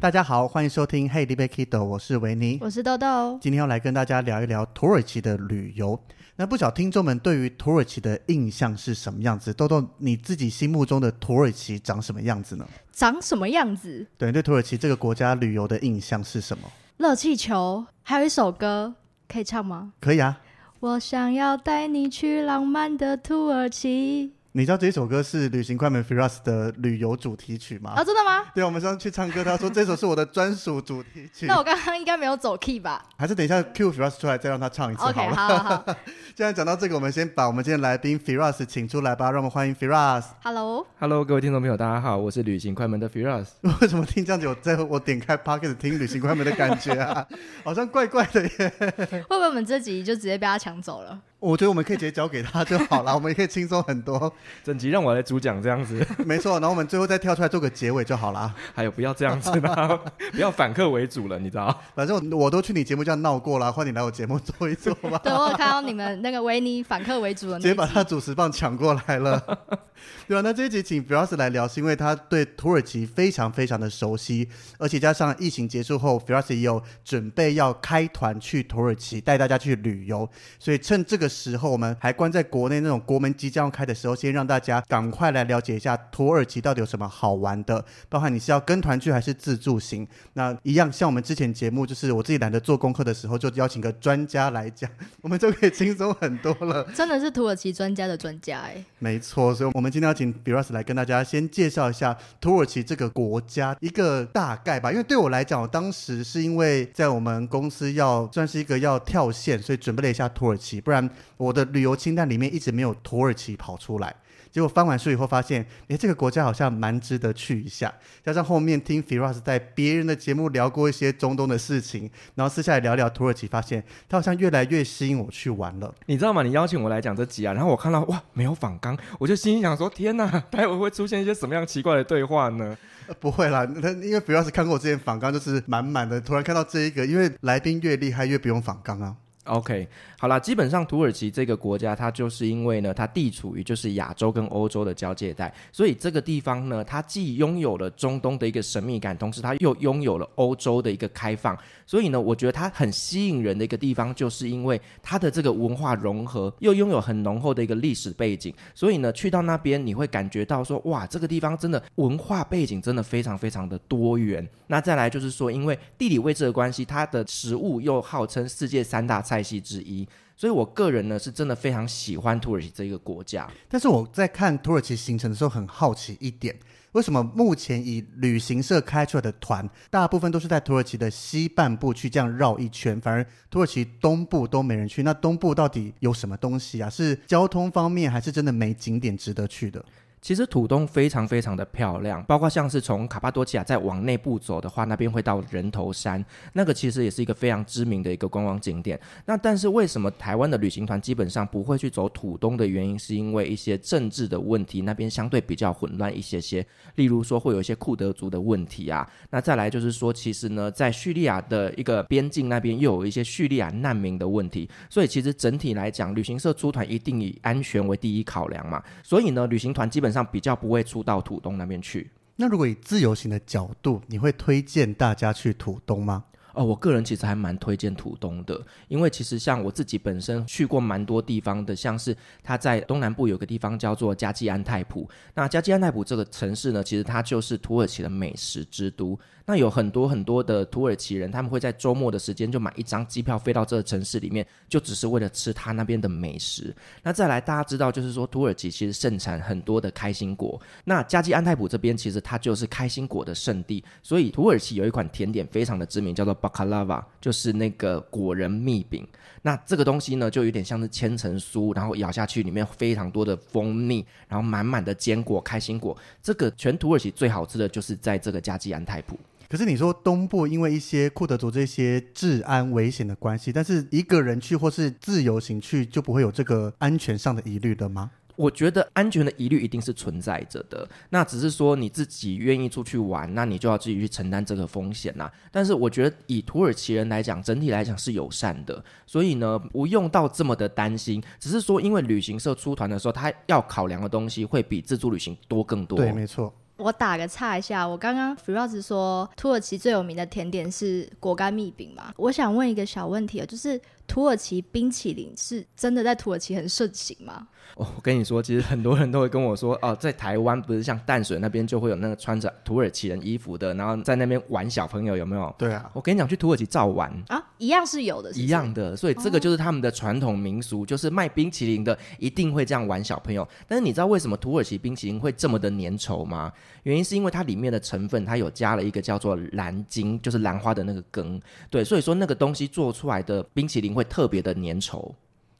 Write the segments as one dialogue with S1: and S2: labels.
S1: 大家好，歡迎收聽 Hey 尼欲去豆，我是維尼，我
S2: 是豆豆。今
S1: 天要來跟大家聊一聊土耳其的旅遊。那不少聽眾們對於土耳其的印象是什麼樣子？豆豆，你自己心目中的土耳其長什麼樣子呢？
S2: 長什麼樣子？
S1: 對，對，土耳其這個國家旅遊的印象是什麼？
S2: 熱氣球，還有一首歌，可以唱嗎？可以啊。我想要帶你去浪漫的土耳其。
S1: 你知道這首歌是旅行快門 Firas 的旅遊主題曲嗎？啊，真的嗎？對，我們上次去唱歌，他說這首是我的專屬主題曲。 那我
S2: 剛剛應該沒有走 key 吧？
S1: 還是等一下 Q Firas 出來再讓他唱一次好？OK，好，啊，好。現在講到這個，我們先把我們今天來賓 Firas 請出來吧，讓我們歡迎 Firas。
S2: Hello，Hello，Hello，
S1: 各位聽眾朋友，大家好，我是旅行快門的 Firas。為 什麼聽這樣子？我在我點開 Podcast 聽旅行快門的感覺啊， 好像怪怪的耶。
S2: 會不會我們這集就直接被他搶走了？
S1: 我覺得我們可以直接交給他就好了， 我們也可以輕鬆很多。整集讓我來主講這樣子， 沒錯。然後我們最後再跳出來做個結尾就好了。還有不要這樣子啦， 不要反客為主了，你知道？反正我，我都去你節目這樣鬧過了，歡迎你來我節目坐一坐吧。對 我
S2: 看到你們那個維尼反客為主，了， 直接
S1: 把他主持棒搶過來了， 對吧，啊。那這一集請 Firas 來聊，是因為他對土耳其非常非常的熟悉，而且加上疫情結束後，Firas 也有準備要開團去土耳其帶大家去旅遊，所以趁這個。的時候我們還關在國內，那種國門即將要開的時候，先讓大家趕快來了解一下土耳其到底有什麼好玩的，包含你是要跟團去還是自助行。那一樣像我們之前節目，就是我自己懶得做功課的時候，就邀請個專家來講，我們就可以輕鬆很多了。
S2: 真的是土耳其專家的專家哎，
S1: 沒錯。所以我們今天要請 Firas 來跟大家先介紹一下土耳其這個國家一個大概吧，因為對我來講，我當時是因為在我們公司要算是一個要跳線，所以準備了一下土耳其，不然。我的旅遊清單裡面一直沒有土耳其跑出來，結果翻完書以後發現，誒、欸，這個國家好像蠻值得去一下。加上後面聽 Firas 在別人的節目聊過一些中東的事情，然後私下裡聊聊土耳其，發現他好像越來越吸引
S3: 我去玩了。你知道嗎？你邀請我來講這集啊，然後我看到哇，沒有訪綱，我就心，心想說：天吶、啊，待會不會出現一些什麼樣奇怪的對話呢？呃、不會啦，因為 Firas 看過我之前
S1: 訪綱就是滿滿的，突然看到這一個，因為來賓越厲害越不用訪綱啊。
S3: OK。好了，基本上土耳其這個國家，它就是因為呢，它地處於就是亞洲跟歐洲的交界帶，所以這個地方呢，它既擁有了中東的一個神秘感，同時它又擁有了歐洲的一個開放，所以呢，我覺得它很吸引人的一個地方，就是因為它的這個文化融合，又擁有很濃厚的一個歷史背景，所以呢，去到那邊你會感覺到說，哇，這個地方真的文化背景真的非常非常的多元。那再來就是說，因為地理位置的關係，它的食物又號稱世界三大菜系之一。所以，我個人呢是真的非常喜歡土耳其這一個國家。
S1: 但是我在看土耳其行程的時候，很好奇一點：為什麼目前以旅行社開出來的團，大部分都是在土耳其的西半部去這樣繞一圈，反而土耳其東部都沒人去？那
S3: 東部到底有什麼東西啊？是交通方面，還是真的沒景點值得去的？其實土東非常非常的漂亮，包括像是從卡帕多其亞再往內部走的話，那邊會到人頭山，那個其實也是一個非常知名的一個觀光景點。那但是為什麼台灣的旅行團基本上不會去走土東的原因，是因為一些政治的問題，那邊相對比較混亂一些些。例如說會有一些庫德族的問題啊，那再來就是說，其實呢在敘利亞的一個邊境那邊又有一些敘利亞難民的問題，所以其實整體來講，旅行社出團一定以安全為第一考量嘛。所以呢，旅行團基本。上比較不會出到土東那邊去。那如果以自由行的角度，你會推薦大家去土東嗎？哦，我個人其實還蠻推薦土東的，因為其實像我自己本身去過蠻多地方的，像是他在東南部有個地方叫做加濟安泰普。那加濟安泰普這個城市呢，其實它就是土耳其的美食之都。那有很多很多的土耳其人，他們會在周末的時間就買一張機票飛到這個城市裡面，就只是為了吃他那邊的美食。那再來，大家知道就是說，土耳其其實盛產很多的開心果。那加濟安泰普這邊其實它就是開心果的聖地，所以土耳其有一款甜點非常的知名，叫做巴卡拉瓦，就是那個果仁蜜餅。那這個東西呢，就有點像是千層酥，然後咬下去裡面非常多的蜂蜜，然後滿滿的堅果、開心果。這個全土耳其最好吃的就是在這個加濟安泰普。可是你說
S1: 東部因為一些庫德族這些治安危險的關係，但是一個人去或是自由行去就不會有這個安全上的疑慮了嗎？
S3: 我覺得安全的疑慮一定是存在着的。那只是說你自己願意出去玩，那你就要自己去承擔這個風險啦、啊。但是我覺得以土耳其人來講，整體來講是友善的，所以呢，不用到這麼的擔心。只是說因為旅行社出團的時候，他要考量的東西會比自助旅行多更多。對，沒錯。
S2: 我打個岔一下，我剛剛 Firas 說土耳其最有名的甜點是果乾蜜餅嘛？我想問一個小問題啊、喔，就是。土耳其冰淇淋是真的在土耳其很盛行嗎？
S3: 哦，我跟你說，其實很多人都會跟我說哦，在台灣不是像淡水那邊就會有那個穿着土耳其人衣服的，然後在那邊玩小朋友，有沒有？對啊，我跟你講，去土耳其照玩
S2: 啊，一樣是有的是是，一樣
S3: 的。所以這個就是他們的傳統民俗，哦，就是賣冰淇淋的一定會這樣玩小朋友。但是你知道為什麼土耳其冰淇淋會這麼的粘稠嗎？原因是因為它裡面的成分，它有加了一個叫做藍晶，就是蘭花的那個根。對，所以說那個東西做出來的冰淇淋。會特別的粘稠，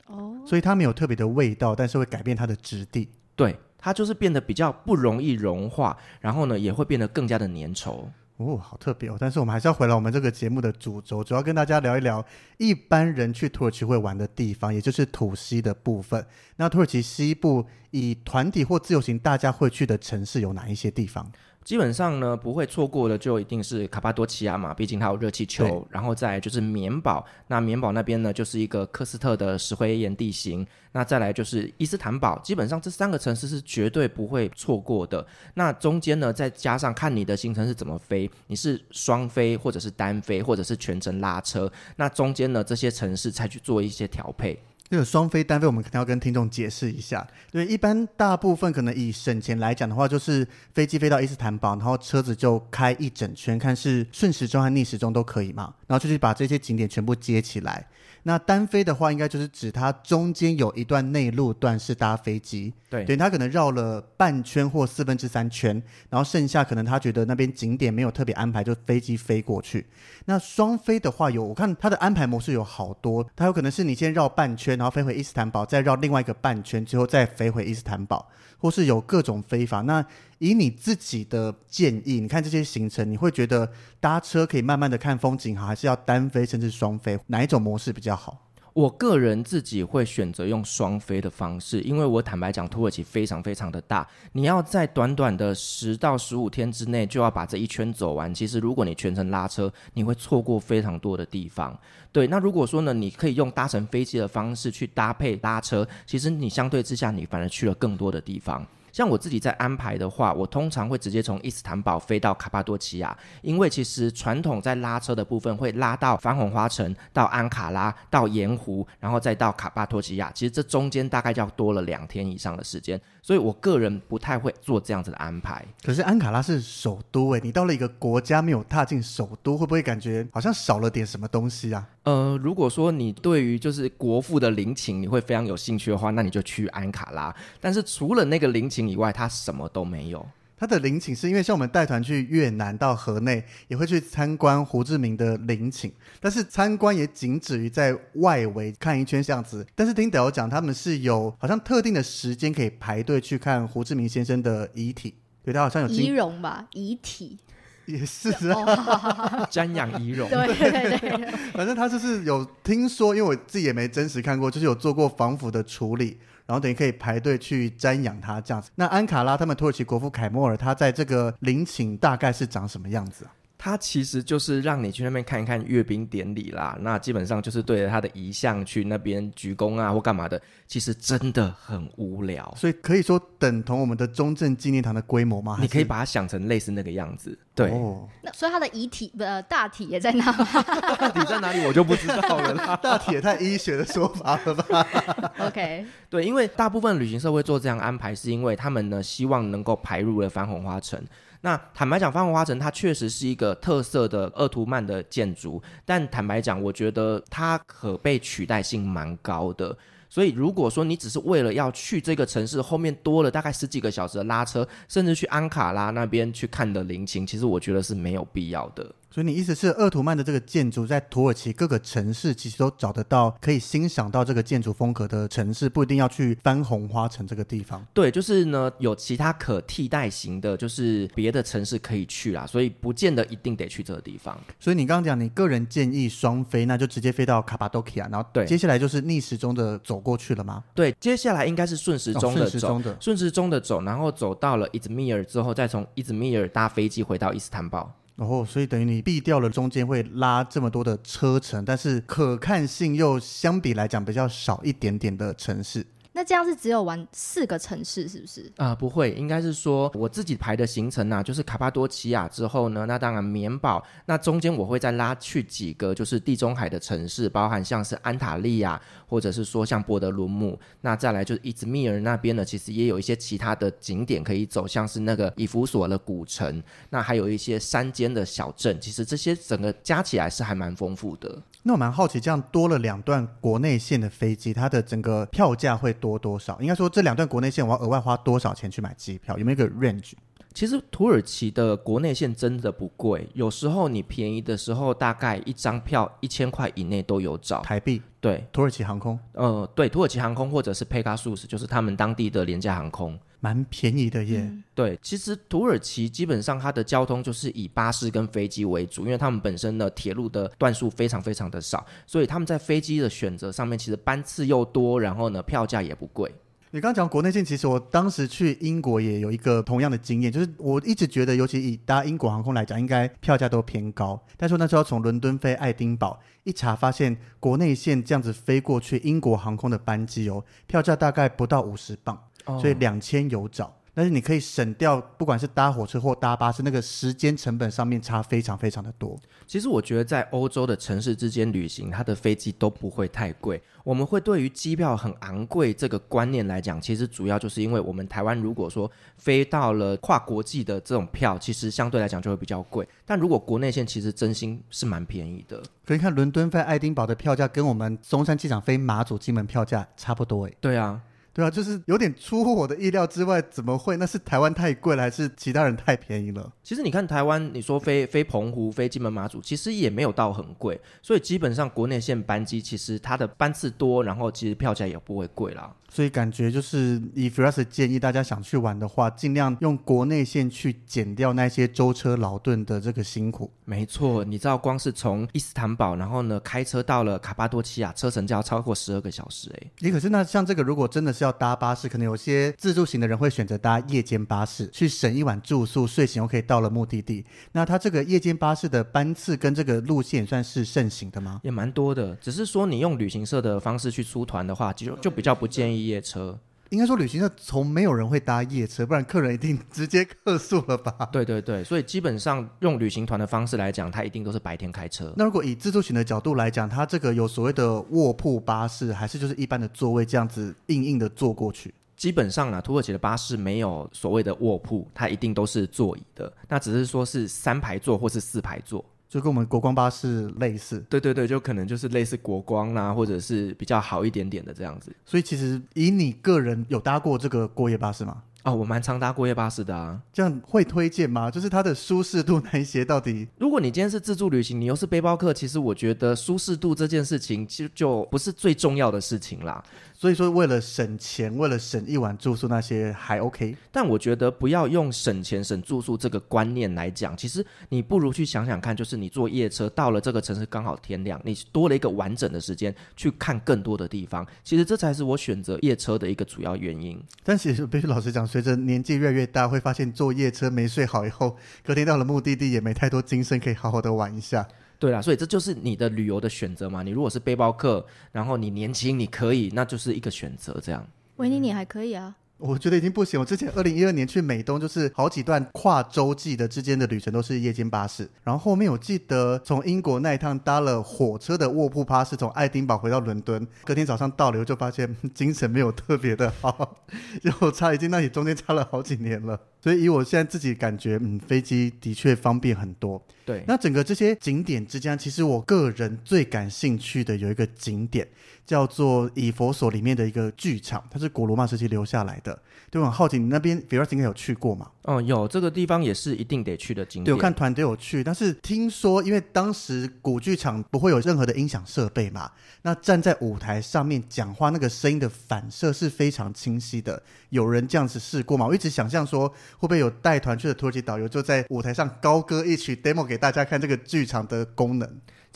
S3: 哦，所以它沒有特別的味道，但是會改變它的質地，對，它就是變得比較不容易融化，然後呢，也會變得更加的粘稠，哦，好特別哦。但是我
S1: 們還是要回來我們這個節目的主軸，主要跟大家聊一聊一般人去土耳其會玩的地方，也就是土西的部分。那土耳其西部以團體或自由行大家會去的城市有哪一些地方？
S3: 基本上呢，不會錯過的就一定是卡帕多其亞嘛，畢竟它有熱氣球。然後再來就是棉堡，那棉堡那邊呢，就是一個科斯特的石灰岩地形。那再來就是伊斯坦堡，基本上這三個城市是絕對不會錯過的。那中間呢，再加上看你的行程是怎麼飛，你是雙飛或者是單飛，或者是全程拉車，那中間呢，這些城市才去做一些調配。
S1: 那、這個雙飛單飛，我們可能要跟聽眾解釋一下。對，一般大部分可能以省錢來講的話，就是飛機飛到伊斯坦堡，然後車子就開一整圈，看是順時鐘和逆時鐘都可以嘛，然後就是把這些景點全部接起來。那單飛的話，應該就是指它中間有一段內陸段是搭飛機，對，對，他可能繞了半圈或四分之三圈，然後剩下可能他覺得那邊景點沒有特別安排，就飛機飛過去。那雙飛的話有，有我看它的安排模式有好多，它有可能是你先繞半圈，然後飛回伊斯坦堡，再繞另外一個半圈，之後再飛回伊斯坦堡，或是有各種飛法。那以你自己的建議，你看這些行程，你會覺得搭車
S3: 可以慢慢的看風景好，還是要單飛甚至雙飛，哪一種模式比較好？我個人自己會選擇用雙飛的方式，因為我坦白講，土耳其非常非常的大，你要在短短的十到十五天之內就要把這一圈走完。其實，如果你全程拉車，你會錯過非常多的地方。對，那如果說呢，你可以用搭乘飛機的方式去搭配拉車，其實你相對之下，你反而去了更多的地方。像我自己在安排的話，我通常會直接從伊斯坦堡飛到卡帕多其亞，因為其實傳統在拉車的部分會拉到番紅花城、到安卡拉、到鹽湖，然後再到卡帕多其亞。其實這中間大概就要多了兩天以上的時間。所以我個人不太會做這樣子的安排。
S1: 可是安卡拉是首都誒、欸，你到了一個國家沒有踏進首都，會不會感覺好像少了點什麼東西啊？
S3: 呃，如果說你對於就是國父的陵寢你會非常有興趣的話，那你就去安卡拉。但是除了那個陵寢以外，它什麼都沒有。
S1: 他的陵寢是因為像我們帶團去越南到河內，也會去參觀胡志明的陵寢，但是參觀也僅止於在外圍看一圈這樣子。但是聽導遊講，他們是有好像特定的時間可以排隊去看胡志明先生的遺體，對他好像有遺
S2: 容吧，遺體
S1: 也是、啊哦、好好
S2: 好 瞻仰遺容。 對，對對
S1: 對 反正他就是有聽說，因為我自己也沒真實看過，就是有做過防腐的處理。然後等於可以排隊去瞻仰他這樣子。那安卡拉他們土耳其國父凱莫爾，他在這個陵寢大概是長什麼樣子啊？
S3: 他其實就是讓你去那邊看一看閱兵典禮啦，那基本上就是對着他的遺像去那邊鞠躬啊或幹嘛的，其實真的很無聊。所以可以說等同我們的中
S1: 正紀念堂的規模嗎？你可以把它想成類似那個樣子。對，
S2: 哦，那所以他的遺體不呃大體也在那裡，大體
S1: 在哪裡我就不知道了。 大體也太醫學的說法了
S3: 吧 ？OK，對，因為大部分旅行社會做這樣安排，是因為他們呢，希望能夠排入了番紅花城。那坦白講，番紅花城它確實是一個特色的鄂圖曼的建築，但坦白講，我覺得它可被取代性蠻高的。所以如果說你只是為了要去這個城市後面多了大概十幾個小時的拉車，甚至去安卡拉那邊去看的陵寢，其實我覺得是沒有必要的。所以你意
S1: 思是，鄂圖曼的這個建築在土耳其各個城市其實都找得到，可以欣賞到這個建築風格的城市，不一定要去番紅花城這個地方。
S3: 對，就是呢，有其他可替代型的，就是別的城市可以去啦，所以不見得一定得去這個地方。
S1: 所以你剛剛講，你個人建議雙飛，那就直接飛到卡帕多其亞，然後對，接下來就是逆時鐘的走過去了嗎？
S3: 對，對，接下來應該是順時鐘的走，哦，順時鐘的、順時鐘的走，順時鐘的走，然後走到了伊茲密爾之後，再從伊茲密爾搭飛機回到伊斯坦堡。
S1: 然後，所以等於你避掉了中間會拉這麼多的車程，但是可看性又相比來講比較
S3: 少一點點的城市。
S2: 那這樣是只有玩四個城市是不是？
S3: 啊、呃，不會，應該是說我自己排的行程呢、啊，就是卡帕多奇亞之後呢，那當然棉堡。那中間我會再拉去幾個就是地中海的城市，包含像是安塔利亞，或者是說像波德魯姆，那再來就是伊茲密爾那邊呢，其實也有一些其他的景點可以走，像是那個以弗所的古城，那還有一些山間的小鎮，其實這些整個加起來是還蠻豐富的。
S1: 那我蠻好奇，這樣多了兩段國內線的飛機，它的整個票價會多多少？應該說，這兩段國內線，我要額外花多少錢去買機票？有沒
S3: 有一個 range？其實土耳其的國內線真的不貴，有時候你便宜的時候，大概一張票一千塊以內都有找台幣。對，
S1: 土耳其航空，
S3: 呃、嗯，對，土耳其航空或者是 Pegasus，就是他們當地的廉價航空。蠻便宜的耶。嗯，對，其實土耳其基本上它的交通就是以巴士跟飛機為主，因為他們本身的鐵路的段數非常非常的少，所以他們在飛機的選擇上面其實班次又多，然後呢，票價也不貴。
S1: 你剛講的國內線，其實我當時去英國也有一個同樣的經驗，就是我一直覺得，尤其以搭英國航空來講，應該票價都偏高。但是我那時候從倫敦飛愛丁堡一查，發現國內線這樣子飛過去，英國航空的班機哦，票價大概不到五十鎊。所以兩千有找、哦，但是你可以省掉，不管是搭火車或搭巴士，那個時間成本上面差非常非常的多。
S3: 其實我覺得在歐洲的城市之間旅行，它的飛機都不會太貴。我們會對於機票很昂貴這個觀念來講，其實主要就是因為我們台灣如果說飛到了跨國際的這種票，其實相對來講就會比較貴。但如果國內線其實真心是蠻便宜的。
S1: 可以看倫敦飛愛丁堡的票價跟我們松山機場飛馬祖、金門票價差不多誒、欸，對啊。對啊，就是有點出乎我的意料之外。怎麼會？那是台灣
S3: 太貴了，還是其他人太便宜了？其實你看台灣，你說飛飛澎湖、飛金門、馬祖，其實也沒有到很貴。所以基本上國內線班機，其實它的班次多，然後其實票價也不會貴啦。
S1: 所以感覺就是 Firas 建議大家想去玩的話，儘量
S3: 用國內線去減掉那些舟車勞頓的這個辛苦。沒錯，你知道光是從伊斯坦堡，然後呢開車到了卡巴多奇亞，車程就要超過十二個小時欸。哎，你可是那像這個，如果真的是要搭巴士，可
S1: 能有些自
S3: 助型的人會選擇搭夜間巴
S1: 士去省一晚住宿，睡醒後可以到了目的地。那它這個夜間巴士的班次跟
S3: 這個路線算是盛行的嗎？也蠻多的，只是說你用旅行社的方式去出團的話，就就比較不建議夜車。
S1: 應該說，旅行社從沒有人會搭夜車，不然客人一定
S3: 直接客訴了吧？對對對，所以基本上用旅行團的方式來講，它一定都是白天開車。
S1: 那如果以自助行的角度來講，它這個有所謂的臥鋪巴士，還是就是一
S3: 般的座位這樣子硬硬的坐過去？基本上呢、啊，土耳其的巴士沒有所謂的臥鋪，它一定都是座椅的。那只是說是三排座或是四排座。就跟我們國光巴士類似。對對對，就可能就是類似國光啦、啊，或者是比較好一點點的這樣子。
S1: 所以其實以你個人，有搭過這個過夜巴士嗎？哦，我蠻常搭過夜巴
S3: 士的啊，這樣會推薦嗎？就是它的舒適度那一些到底？如果你今天是自助旅行，你又是背包客，其實我覺得舒適度這件事情其實就不是最重要的事情啦。所以說為了省錢，為了省一晚住宿那些還 OK。但我覺得不要用省錢省住宿這個觀念來講，其實你不如去想想看，就是你坐夜車到了這個城市剛好天亮，你多了一個完整的時間去看更多的地方。其實這才是我選擇夜車的一個主要原因。
S1: 但是必須老實講說。隨着年紀越來越大，會發現坐夜車沒睡好以後，隔天到了目的地也沒太多精神，可以好好的玩一下。
S3: 對啊，所以這就是你的旅遊的選擇嘛。你如果是背包客，然後你年輕，你可以，那就是一個選擇。這樣，
S2: 維、嗯、尼，你，你還可以啊。
S3: 我覺得已經不行。我之前二零一二年去
S1: 美東，就是好幾段跨洲際的之間的旅程都是夜間巴士。然後後面我記得從英國那一趟搭了火車的臥鋪巴士，從愛丁堡回到倫敦，隔天早上倒流就發現精神沒有特別的好，然後差已經那裡中間差了好幾年了。所以以我現在自己感覺，嗯，飛機的確方便很多。對，那整個這些景點之間，其實我個人最感興趣的有一個景點，叫做以弗所裡面的一個劇場，它是古羅馬時期留下來的。對，我很好奇，你那邊 Firas 應該有去過
S3: 嗎？哦，有，這個地方也是一定得去的景點。對，我看
S1: 團隊有去，但是聽說因為當時古劇場不會有任何的音響設備嘛，那站在舞台上面講話，那個聲音的反射是非常清晰的。有人這樣子試過嗎？我一直想象說會不會有帶團去的土耳其導遊就在舞台上高歌一曲 demo 給大家看這個劇場的
S3: 功能。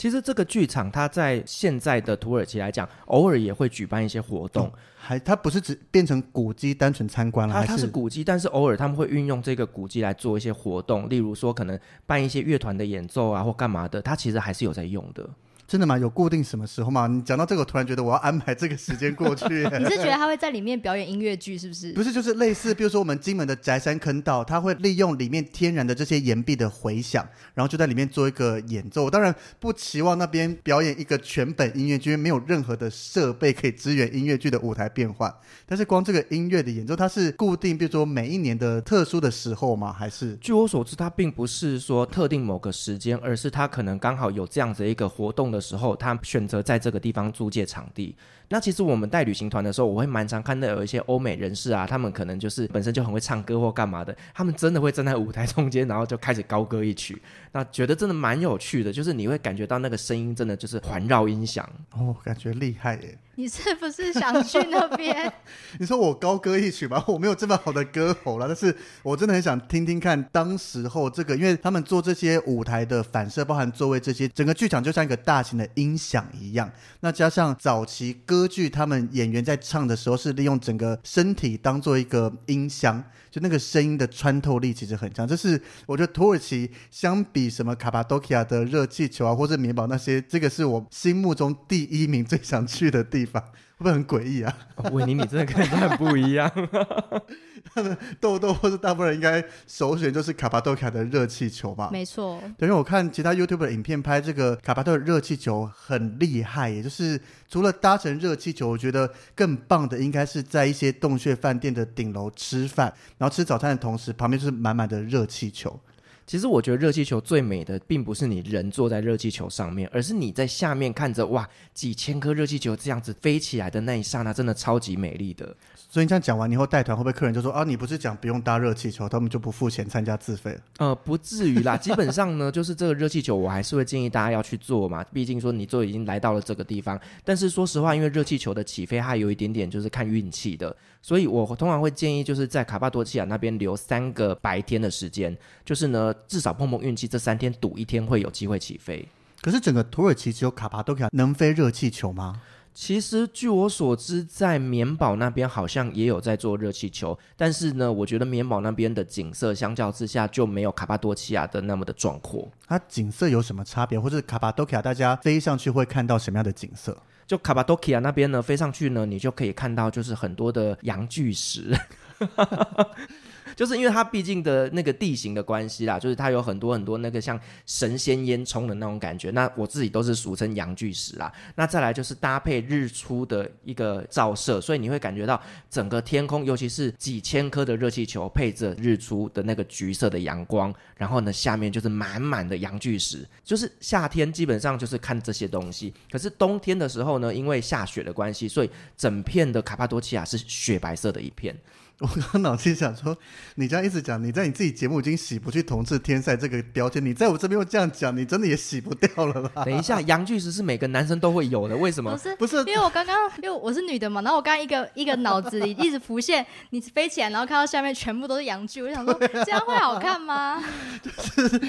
S3: 其實這個劇場，它在現在的土耳其來講，偶爾也會舉辦一些活動。嗯、還它不是只變成古蹟，單純參觀了。它它是古蹟，但是偶爾他們會運用這個古蹟來做一些活動，例如說可能辦一些樂團的演奏啊，或幹嘛的。它其實還是有在用的。
S1: 真的嗎？有固定什麼時候嗎你講到這個，我突然覺得我要安排這個時間過去。你是覺得他
S2: 會在裡面表演音樂劇，是不是？不是，
S1: 就是類似，比如說我們金門的宅山坑道，他會利用裡面天然的這些岩壁的回響，然後就在裡面做一個演奏。當然不期望那邊表演一個全本音樂劇，因為沒有任何的設備可以支援音樂劇
S3: 的舞台變換。但
S1: 是光這個音樂的演奏，它是固定，比如說每一年的特
S3: 殊的時候嗎？還是？據我所知，它並不是說特定某個時間，而是它可能剛好有這樣子一個活動的時候，他選擇在這個地方租借場地。那其實我們帶旅行團的時候，我會蠻常看到有一些歐美人士啊，他們可能就是本身就很會唱歌或幹嘛的，他們真的會站在舞台中間，然後就開始高歌一曲。那覺得真的蠻有趣的，就是你會感覺到那個聲音真的就是環繞音響哦，感覺厲害耶。
S2: 你是不是想
S3: 去那邊？ 你說我高歌一曲吧，我沒有這麼好的歌喉了。但是，我
S1: 真的很想聽聽看當時候這個，因為他們做這些舞台的反射，包含座位這些，整個劇場就像一個大型的音響一樣。那加上早期歌劇，他們演員在唱的時候是利用整個身體當做一個音箱。就那個聲音的穿透力其實很強，這是我覺得土耳其相比什麼卡帕多其亞的熱氣球啊，或者棉堡那些，這個是我心目中第一名最想去的地方。會不會很詭異啊、哦！維尼，你真的跟人很不一樣。 豆豆或者大部分人應該首選就是卡帕多卡的熱氣球吧？沒錯，沒錯。等於我看其他 YouTube 的影片，拍這個卡帕多的熱氣球很厲害，也就是除了搭乘熱氣球，我覺得更棒的應該是在一些洞穴飯店的頂樓吃飯，然後吃早餐的同時，
S3: 旁邊就是滿滿的熱氣球。其實我覺得熱氣球最美的，並不是你人坐在熱氣球上面，而是你在下面看着哇幾千顆熱氣球這樣子飛起來的那一剎那，真的超級美麗的。所以你這樣講完以後，帶團會不會客人就說啊，你不是講不用搭熱氣球，
S1: 他們就不付錢參加自費了？
S3: 呃，不至於啦，基本上呢，就是這個熱氣球我還是會建議大家要去做嘛， 畢竟說你都已經來到了這個地方。但是說實話，因為熱氣球的起飛它有一點點就是看運氣的，所以我通常會建議就是在卡帕多其亞那邊留三個白天的時間，就是呢。至少碰碰運氣，這三天賭一天會有機會起飛。可是整個土耳其只有卡帕多其亞能飛熱氣球嗎？其實據我所知，在棉堡那邊好像也有在做熱氣球，但是呢，我覺得棉堡那邊的景色相較之下就沒有卡帕多其亞的那麼的壯闊。
S1: 它景色有什麼差別？或
S3: 者卡帕多其亞大家飛上去會看到什麼樣的景色？就卡帕多其亞那邊呢，飛上去呢，你就可以看到就是很多的羊巨石。 就是因為它畢竟的那個地形的關係啦，就是它有很多很多那個像神仙煙囪的那種感覺，那我自己都是俗稱陽具石啦，那再來就是搭配日出的一個照射，所以你會感覺到整個天空，尤其是幾千顆的熱氣球配着日出的那個橘色的陽光，然後呢，下面就是滿滿的陽具石，就是夏天基本上就是看這些東西。可是冬天的時候呢，因為下雪的關係，所以整片的卡帕多奇亞是雪白色的一片。
S1: 我剛剛腦筋想說，你這樣一直講，你在你自己節目已經洗不去“同志天賽”這個標籤，你在我這邊又這樣講，你真的也洗不掉
S3: 了啦。等一下，陽具石是每個男生都會有的，為什麼？
S2: 不是不是，因為我剛剛因為我是女的嘛，然後我剛剛一個一個腦子裡一直浮現， 你飛起來，然後看到下面全部都是陽具，我就想說、啊、這樣會好看嗎、就
S1: 是？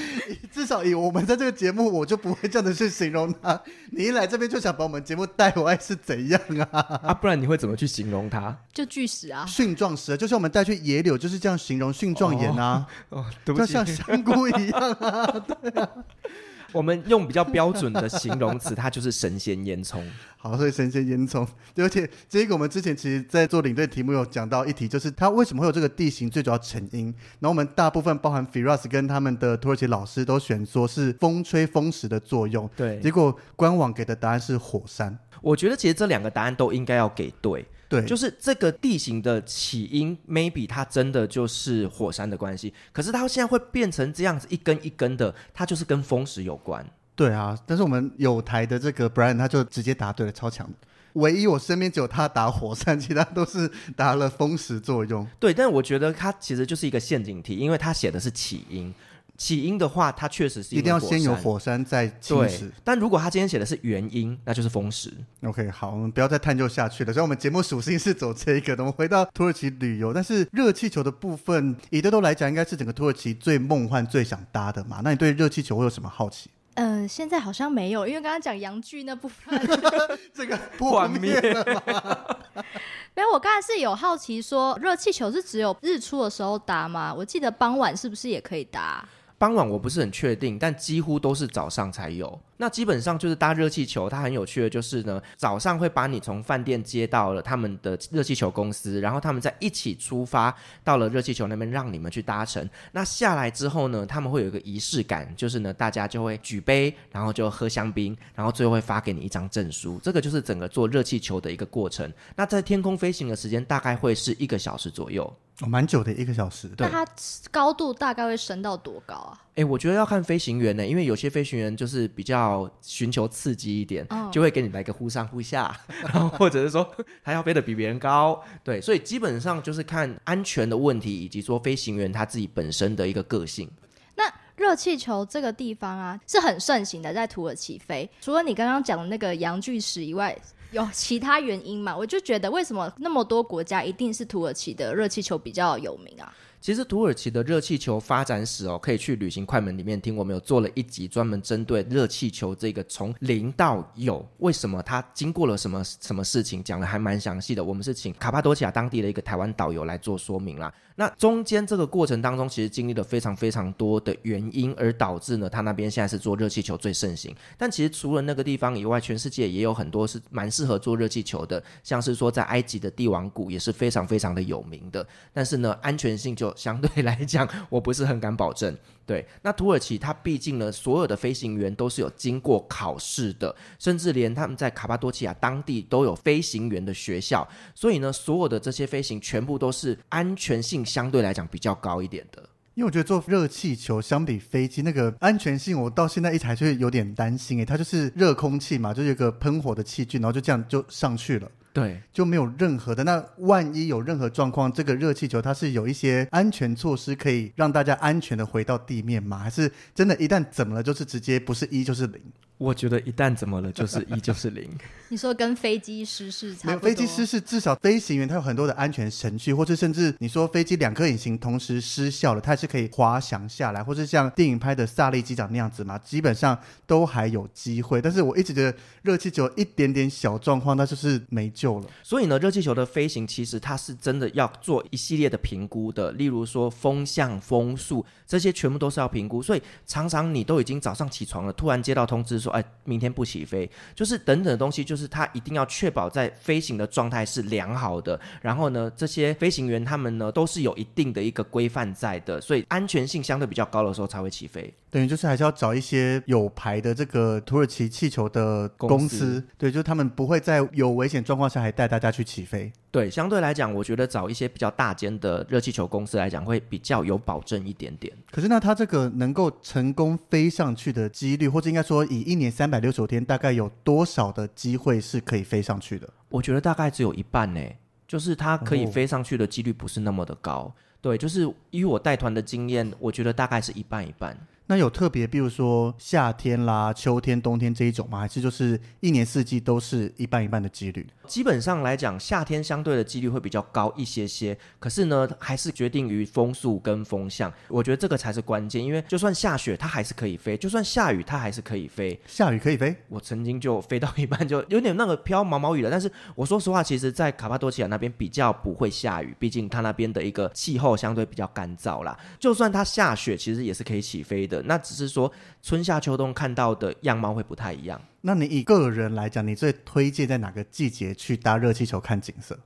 S1: 至少以我們在這個節目，我就不會這樣的去形容他。 你一來這邊就想把我們節目帶回來是怎樣啊？啊，不然你會怎麼去形容它？
S2: 就巨石啊，
S1: 訓狀石。就像我們帶去野柳就是這樣形容蕈狀岩啊，哦哦對不起，就像香菇一樣啊。 對啊，
S3: 我們用比較標準的形容詞，它就是神仙煙囪。好，所以神仙煙囪。而且，這
S1: 個我們之前其實在做領隊的題目有講到一題，就是它為什麼會有這個地形最主要成因。然後我們大部分包含 Firas 跟他們的土耳其老師都選說是風吹風蝕的作用。對，結果官網給的答案是火山。
S3: 我覺得其實這兩個答案都應該要給對。對，就是這個地形的起因，maybe 它真的就是火山的關係。可是它現在會變成這樣子，一根一根的，它就是跟風蝕有關。對
S1: 啊，但是我們友台的這個 Brian 他就直接答對了，超強。唯一我身邊只有他答火山，其他都是答了風蝕作用。
S3: 對，但是我覺得它其實就是一個陷阱題，因為它寫的是起因。起因的話，它確實是一定要先有火山再侵蝕。但如果他今天寫的是原因，那就是風蝕。OK，好，我們不要再探究下去了。所以我們
S1: 節目屬性是走這個，我們回到土耳其旅遊，但是熱氣球的部分，以對頭來講，應該是整個土耳其最夢幻、最想搭的嘛。那你對熱氣球會有什麼好奇？
S2: 嗯、呃，現在好像沒有，因為剛剛講陽具那部分
S1: 這個破滅
S2: 沒有，我剛才是有好奇說，熱氣球是只有日出的時候搭嗎？我記得傍晚是不是也可以搭？
S3: 傍晚我不是很確定，但幾乎都是早上才有。那基本上就是搭熱氣球，它很有趣的，就是呢，早上會把你從飯店接到了他們的熱氣球公司，然後他們在一起出發到了熱氣球那邊，讓你們去搭乘。那下來之後呢，他們會有一個儀式感，就是呢，大家就會舉杯，然後就喝香檳，然後最後會發給你一張證書。這個就是整個做熱氣球的一個過程。那在天空飛行的時間大概會是一個小時左右，哦，蠻久的一個小時，對。那它
S2: 高度大概會升到多高啊？
S3: 哎、欸，我覺得要看飛行員呢，因為有些飛行員就是比較尋求刺激一點，oh. 就會給你來個忽上忽下， 然後或者是說還要飛得比別人高，對，所以基本上就是看安全的問題，以及說飛行員他自
S2: 己本身的一個個性。那熱氣球這個地方啊是很盛行的，在土耳其飛，除了你剛剛講的那個羊巨石以外，有其他原因嗎？ 我就覺得為什麼那麼多國家一定是土耳其的熱氣球比較有名啊？
S3: 其實土耳其的熱氣球發展史哦，可以去旅行快門裡面聽，我們有做了一集專門針對熱氣球這個從零到有，為什麼它經過了什麼什麼事情，講的還蠻詳細的。我們是請卡帕多其亞當地的一個台灣導遊來做說明啦。那中間這個過程當中，其實經歷了非常非常多的原因，而導致呢，他那邊現在是做熱氣球最盛行。但其實除了那個地方以外，全世界也有很多是蠻適合做熱氣球的，像是說在埃及的帝王谷也是非常非常的有名的。但是呢，安全性就相對來講，我不是很敢保證。對，那土耳其它畢竟呢，所有的飛行員都是有經過考試的，甚至連他們在卡帕多其亞當地都有飛行員的學校，所以呢，所有的這些飛行全部都是安全性相對來講比較高一點的。
S1: 因為我覺得坐熱氣球相比飛機那個安全性，我到現在一直還是有點擔心哎，它就是熱空氣嘛，就是有一個噴火的器具，然後就這樣就上去了。對，就沒有任何的。那萬一有任何狀況，這個熱氣球它是有一些安全措施，可以讓大家安全的回到地面嗎？還是真的，一旦怎麼了，就是直接不是一就是零？我覺得一旦怎麼了，就是一就是零 。
S2: 你說跟飛機失事差不多。飛機失事，
S1: 至少飛行員他有很多的安全程序，或者甚至你說飛機兩顆引擎同時失效了，他也是可以滑翔下來，或者像電影拍的薩利機長那樣子嘛，基本上都還有機會。但是我一直覺得熱氣球一點點小狀況，它就是沒救了。
S3: 所以呢，熱氣球的飛行其實它是真的要做一系列的評估的，例如說風向、風速這些全部都是要評估。所以常常你都已經早上起床了，突然接到通知說，呃，明天不起飛，就是等等的東西，就是他一定要確保在飛行的狀態是良好的。然後呢，這些飛行員他們呢都是有一定的一個規範在的，所以安全性相對比較高的時候才會起飛。
S1: 等於就是還是要找一些有牌的這個土耳其氣球的公司，公司，對，就是他們不會在有危險狀況下還帶大家去起
S3: 飛。對，相對來講，我覺得找一些比較大間的熱氣球公司來講，會比較有保證一點點。
S1: 可是那他這個能夠成功飛上去的幾率，或者應該說，以一
S3: 年三百六十五天，大概有多少的機會是可以飛上去的？我覺得大概只有一半耶，就是它可以飛上去的幾率不是那麼的高，哦。對，就是以我帶團的經驗，我覺得大概是一半一半。
S1: 那有特別，比如說夏天啦、秋天、
S3: 冬天這一種嗎？還是就是一年四季都是一半一半的幾率？基本上來講，夏天相對的幾率會比較高一些些。可是呢，還是決定於風速跟風向。我覺得這個才是關鍵，因為就算下雪，它還是可以飛；就算下雨，它還是可以飛。下雨可以飛？我曾經就飛到一半就有點那個飄毛毛雨了。但是我說實話，其實在卡帕多其亞那邊比較不會下雨，畢竟它那邊的一個氣候相對比較乾燥啦。就算它下雪，其實也是可以起飛的。那只是說，春夏秋冬看到的樣貌會不太一樣。那你以個人來講，你最推薦在哪個季節去搭熱氣球看景色？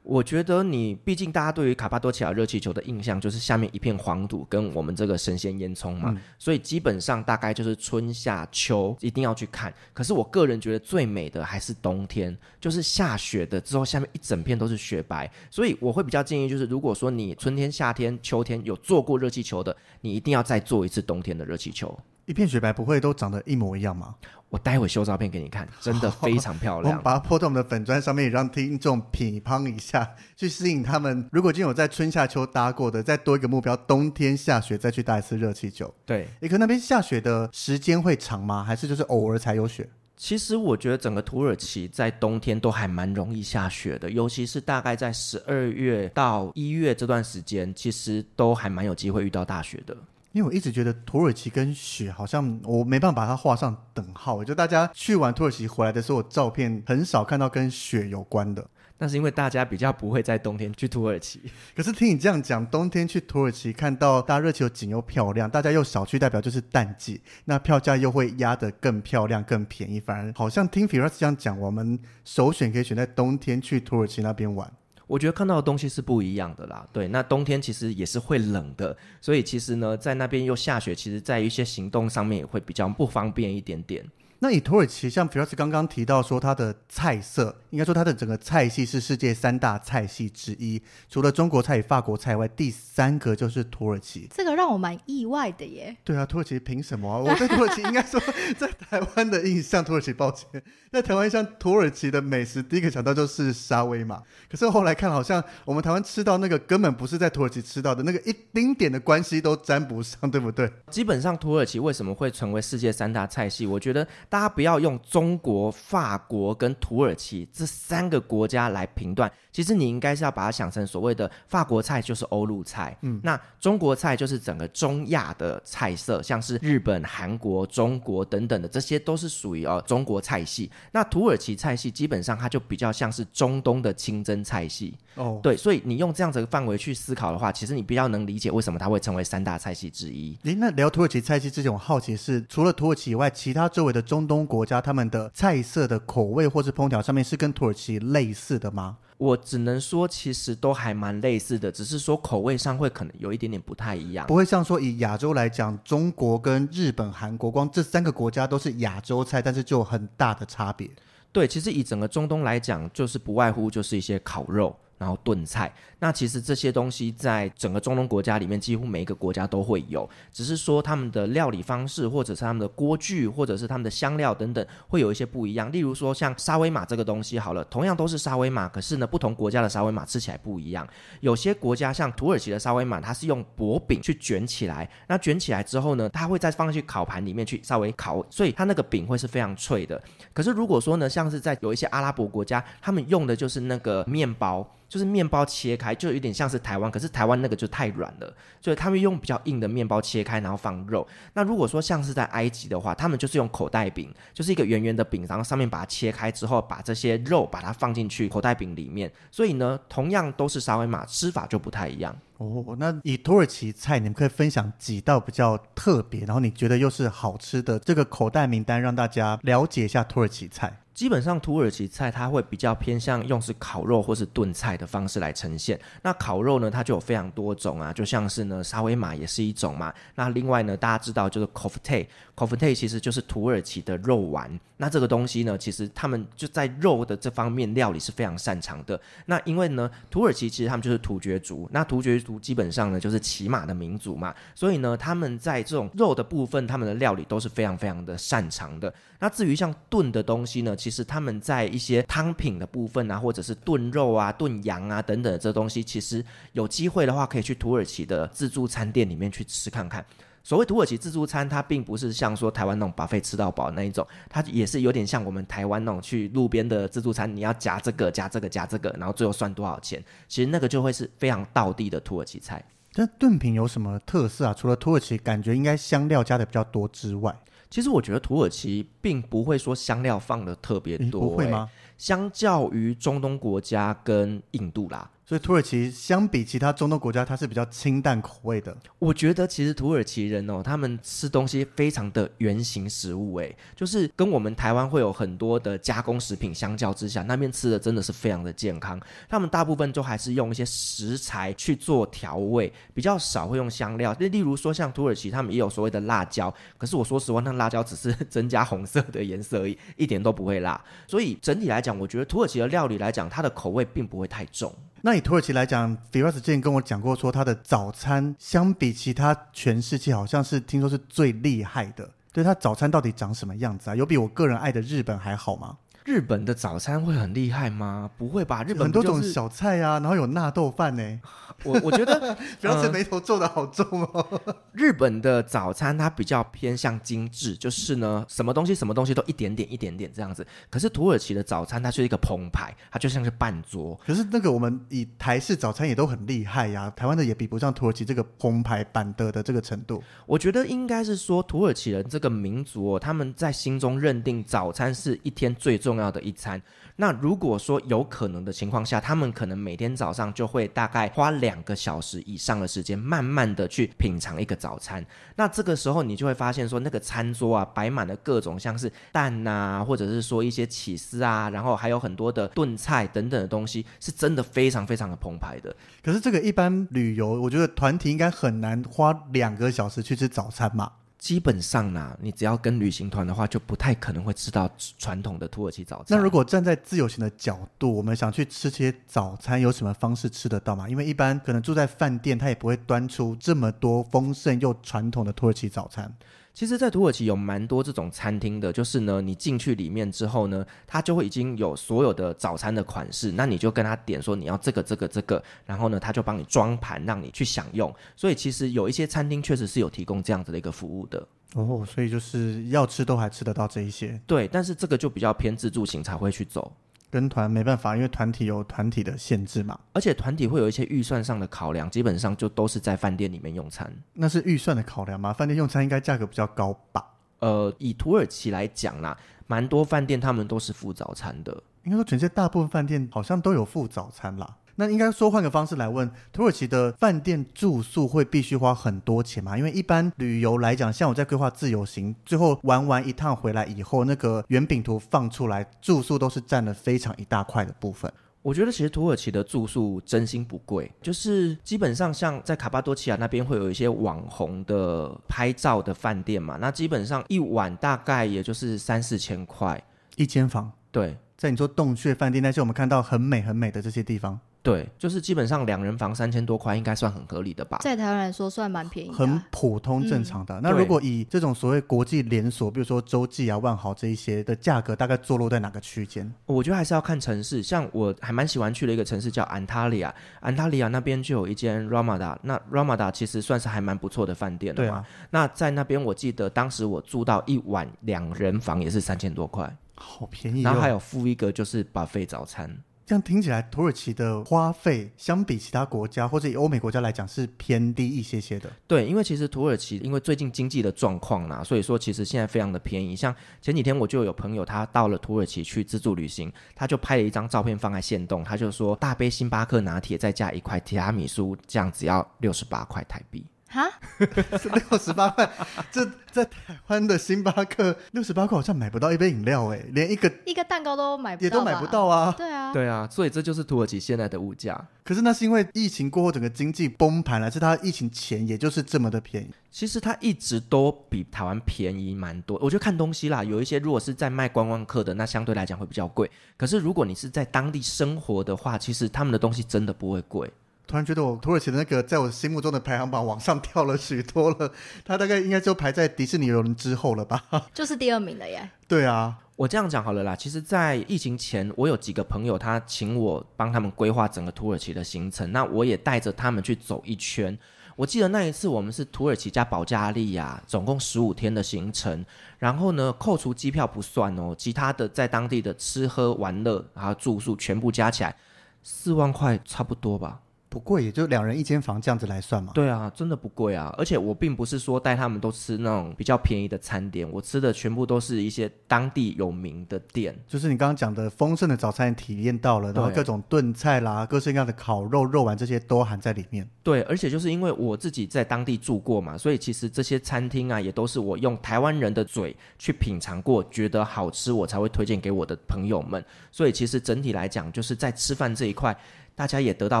S3: 我覺得你畢竟大家對於卡帕多奇亞熱氣球的印象就是下面一片黃土跟我們這個神仙煙囪嘛，嗯，所以基本上大概就是春夏秋一定要去看。可是我個人覺得最美的還是冬天，就是下雪的之後下面一整片都是雪白，所以我會比較建議就是如果說你春天、夏天、秋天有坐過熱氣球的，你一定要再坐一次冬天的熱氣球。
S1: 一片雪白不會都長得一模一樣嗎？
S3: 我待會修照片給你看，真的非常漂亮。好
S1: 好，我們把它潑到我們的粉磚上面，讓聽眾品嘗一下，去吸引他們。如果今天有在春夏秋搭過的，再多一個目標，冬天下雪再去搭一次熱氣球。
S3: 對，
S2: 也、欸、
S1: 可能那邊下雪的時間會長嗎？還是就是偶爾才有雪？
S3: 其實我覺得整個土耳其在冬天都還蠻容易下雪的，尤其是大概在十二月到一月這段時間，其實都還蠻有機會遇到大雪的。
S1: 因為我一直覺得土耳其跟雪好像，我沒辦法把它畫上等號。就大家去完土耳其回來的時候，我照片很少看到跟雪有關的。那是因為
S3: 大家比較不會在冬天去土耳
S1: 其， 可是聽你這樣講，冬天去土耳其看到大熱氣球，景又漂亮，大家又少去，代表就是淡季，那票價又會壓得更漂亮、更便宜反、反而好像聽 Firas 這樣講，我們首選可以選在冬天去土耳其那
S3: 邊玩。我覺得看到的東西是不一樣的啦。對，那冬天其實也是會冷的，所以其實呢，在那邊又下雪，其實在一些行動上面也會比較不方便一點點。
S1: 那以土耳其，像 Firas 剛剛提到說，它的菜色應該說它的整個菜系是世界三大菜系之一，除了中國菜與法國菜外，第三個就是土耳其。
S2: 這個讓我蠻意外的耶。
S1: 對啊，土耳其憑什麼、啊？我在土耳
S2: 其應該說，在台灣
S1: 的印象， 土耳其抱歉，在台灣印象，土耳其的美食第一個想到就是沙威瑪。可是後來看，好像我們台灣吃到那個根本不是在土耳其吃到的，那個一丁點，點的關係
S3: 都沾不上，對不對？基本上土耳其為什麼會成為世界三大菜系？我覺得。大家不要用中國、法國跟土耳其這三個國家來評斷，其實你應該是要把它想成所謂的法國菜就是歐陸菜，嗯，那中國菜就是整個中亞的菜色，像是日本、韓國、中國等等的，這些都是屬於哦、呃、中國菜系。那土耳其菜系基本上它就比較像是中東的清真菜系哦，對，所以你用這樣子的範圍去思考的話，其實你比較能理解為什麼它會成為三大菜系之一。
S1: 誒，那聊土耳其菜系之前，我好奇是除了土耳其以外，其他周圍的中中東國家他們的菜色的口味或是烹調上面是跟土耳其類似的嗎？
S3: 我只能說，其實都還蠻類似的，只是說口味上會可能有一點點不太一樣。不
S1: 會像說以亞洲來講，中國跟日本、韓國光這三個國家都是亞洲
S3: 菜，但是就很大的差別。對，其實以整個中東來講，就是不外乎就是一些烤肉。然後燉菜，那其實這些東西在整個中東國家裡面，幾乎每一個國家都會有，只是說他們的料理方式，或者是他們的鍋具，或者是他們的香料等等，會有一些不一樣。例如說像沙威瑪這個東西，好了，同樣都是沙威瑪，可是呢，不同國家的沙威瑪吃起來不一樣。有些國家像土耳其的沙威瑪，它是用薄餅去捲起來，那捲起來之後呢，它會再放去烤盤裡面去稍微烤，所以它那個餅會是非常脆的。可是如果說呢，像是在有一些阿拉伯國家，他們用的就是那個麵包。就是麵包切開，就有點像是台灣，可是台灣那個就太軟了，所以他們用比較硬的麵包切開，然後放肉。那如果說像是在埃及的話，他們就是用口袋餅，就是一個圓圓的餅，然後上面把它切開之後，把這些肉把它放進去口袋餅裡面。所以呢，同樣都是沙威瑪，吃法就不太一樣。
S1: 哦，那以土耳其菜，你們可以分享幾道比較特別，然後你覺得又是好吃的這個口袋名單，讓大家
S3: 了解一下土耳其菜。基本上土耳其菜它會比較偏向用是烤肉或是燉菜的方式來呈現。那烤肉呢，它就有非常多種啊，就像是呢沙威瑪也是一種嘛。那另外呢，大家知道就是 köfte，köfte 其實就是土耳其的肉丸。那這個東西呢，其實他們就在肉的這方面料理是非常擅長的。那因為呢，土耳其其實他們就是突厥族，那突厥族基本上呢就是騎馬的民族嘛，所以呢，他們在這種肉的部分，他們的料理都是非常非常的擅長的。那至於像燉的東西呢，其實他們在一些湯品的部分啊，或者是燉肉啊、燉羊啊等等這東西，其實有機會的話可以去土耳其的自助餐店裡面去吃看看。所謂土耳其自助餐，它並不是像說台灣那種 buffet 吃到飽那一種，它也是有點像我們台灣那種去路邊的自助餐，你要夾這個夾這個夾這個，然後最後算多少錢，其實那個就會是非常道地的土耳其菜。
S1: 那燉品有什麼特
S3: 色啊？除了土耳其，感覺應該香料加的比較多之外，其實我覺得土耳其並不會說香料放得特別多、欸欸，不會嗎？相較於中東國家跟印度啦。所以土耳其相比其他中東國家，它是比較清淡口味的。我覺得其實土耳其人哦，他們吃東西非常的原型食物，誒，就是跟我們台灣會有很多的加工食品相較之下，那邊吃的真的是非常的健康。他們大部分都還是用一些食材去做調味，比較少會用香料。那例如說像土耳其，他們也有所謂的辣椒，可是我說實話，那辣椒只是 增加紅色的顏色而已，一點都不會辣。所以整體來講，我覺得土耳其的料理來講，它的口味並不會太重。
S1: 那以土耳其來講，Firas 之前跟我講過，說他的早餐相比其他全世界，好像是聽說是最厲害的。對，他早餐到底長什麼樣子啊？有比我個人愛的日本還好嗎？日本的早餐會很厲害嗎？不會吧，日本、就是、很多種小菜啊，然後有納豆飯呢。我我覺得，不要眉
S3: 頭皺的好重哦。日本的早餐它比較偏向精緻， 就是呢，什麼東西什麼東西都一點點一點點這樣子。可是土耳其的早餐它是一個澎湃，它就像是半桌。可是
S1: 那個我們以台式早餐也都很厲害呀、啊，台灣的也比不上土耳其這個澎湃版的
S3: 的這個程度。我覺得應該是說土耳其人這個民族、哦，他們在心中認定早餐是一天最重要的。重要的一餐。那如果說有可能的情況下，他們可能每天早上就會大概花兩個小時以上的時間，慢慢的去品嘗一個早餐。那這個時候你就會發現，說那個餐桌啊，擺滿了各種像是蛋啊，或者是說一些起司啊，然後還有很多的燉菜等等的東西，是真的非常非常的澎湃的。可是這個一般旅遊，我覺得團體應該很難花兩個小時去吃早餐嘛。基本上呢，你只要跟旅行團的話，就不太可能會吃到傳統的土耳其早餐。
S1: 那如果站在自由行的角度，我們想去吃些早餐，有什麼方式吃得到嗎？因為一般可能住在飯店，他也不會端出這麼多豐
S3: 盛又傳統的土耳其早餐。其實，在土耳其有蠻多這種餐廳的，就是呢，你進去裡面之後呢，它就會已經有所有的早餐的款式，那你就跟他點說你要這個、這個、這個，然後呢，他就幫你裝盤讓你去享用。所以，其實有一些餐廳確實是有提供這樣子的一個服務的。
S1: 哦，所以就是要吃都還吃得到這一些。
S3: 對，但是這個就比較偏自助型才會去走。跟團沒辦法，因為團體有團體的限制嘛，而且團體會有一些預算上的考量，基本上就都是在飯店裡面用餐。那是預算的考量嗎？飯店用餐應該價格比較高吧？呃，以土耳其來講啦，
S1: 蠻多飯店他們都是附早餐的，應該說全世界大部分飯店好像都有附早餐啦。那應該說，換個方式來問，土耳其的飯店住宿會必須花很多錢嗎？因為一般旅遊來講，像我在規劃自由行，最後玩完一趟回來以後，那個
S3: 圓餅圖放出來，住宿都是佔了非常一大塊的部分。我覺得其實土耳其的住宿真心不貴，就是基本上像在卡帕多其亞那邊會有一些網紅的拍照的飯店嘛，那基本上一晚大概也就是三四千塊一間房。對，在你說洞穴飯店那些，我們看到很美很美的這些地方。對，就是基本上兩人房三千多塊，應該算很合理的吧？
S2: 在台灣來說，算蠻便宜的。很
S1: 普通正常的。嗯、那如果以這種所謂國際連鎖，比如說洲際啊、萬豪這一些
S3: 的價格，大概坐落在哪個區間？我覺得還是要看城市。像我還蠻喜歡去的一個城市叫安塔利亞，安塔利亞那邊就有一間 Ramada，那 Ramada 其實算是還蠻不錯的飯店了嘛。對啊。那在那邊，我記得當時我住到一晚兩人房也是三千多塊，好便宜。然後還有付一個就是 buffet 早餐。
S1: 這樣聽起來，土耳其的花費相比其他國家，或者以歐美國家來講是偏低一些些的。
S3: 對，因為其實土耳其因為最近經濟的狀況啦、啊，所以說其實現在非常的便宜。像前幾天我就有朋友他到了土耳其去自助旅行，他就拍了一張照片放在限動，他就說大杯星巴克拿鐵再加一塊提拉米蘇，這樣只要六十八塊台幣。哈六
S1: 十八塊，這 68 萬 在台灣的星巴克六十八塊好像買不到一杯飲料哎，連一個
S2: 一個蛋糕都買不到，不也都買不到啊。對啊，
S1: 對啊，所以這就是土耳其現在的物價。可是那是因為疫情過後整個經濟崩盤了，是它疫情前也就是這麼的便
S3: 宜？其實它一直都比台灣便宜蠻多。我覺得看東西啦，有一些如果是在賣觀光客的，那相對來講會比較貴。可是如果你是在當地生活的話，其實他們的東西真的不會貴。
S1: 突然覺得我土耳其的那個在我心目中的排行榜往上跳了許多
S3: 了，他大概應該就排在迪士尼遊輪之後了吧？
S2: 就是第二名了耶。
S3: 對啊，我這樣講好了啦。其實，在疫情前，我有幾個朋友，他請我幫他們規劃整個土耳其的行程，那我也帶着他們去走一圈。我記得那一次，我們是土耳其加保加利亞，總共十五天的行程。然後呢，扣除機票不算哦，其他的在當地的吃喝玩樂還有住宿全部加起來，四萬塊差不多吧。不貴，也就兩人一間房這樣子來算嘛。對啊，真的不貴啊！而且我並不是說帶他們都吃那種比較便宜的餐點，我吃的全部都是一些當地有名的店，
S1: 就是你剛剛講的豐盛的早餐體驗到了，對。然後各種燉菜啦、各式各樣的烤肉、肉丸這些都含在裡面。
S3: 對，而且就是因為我自己在當地住過嘛，所以其實這些餐廳啊也都是我用台灣人的嘴去品嚐過，覺得好吃我才會推薦給我的朋友們。所以其實整體來講，就是在吃飯這一塊。大家也得到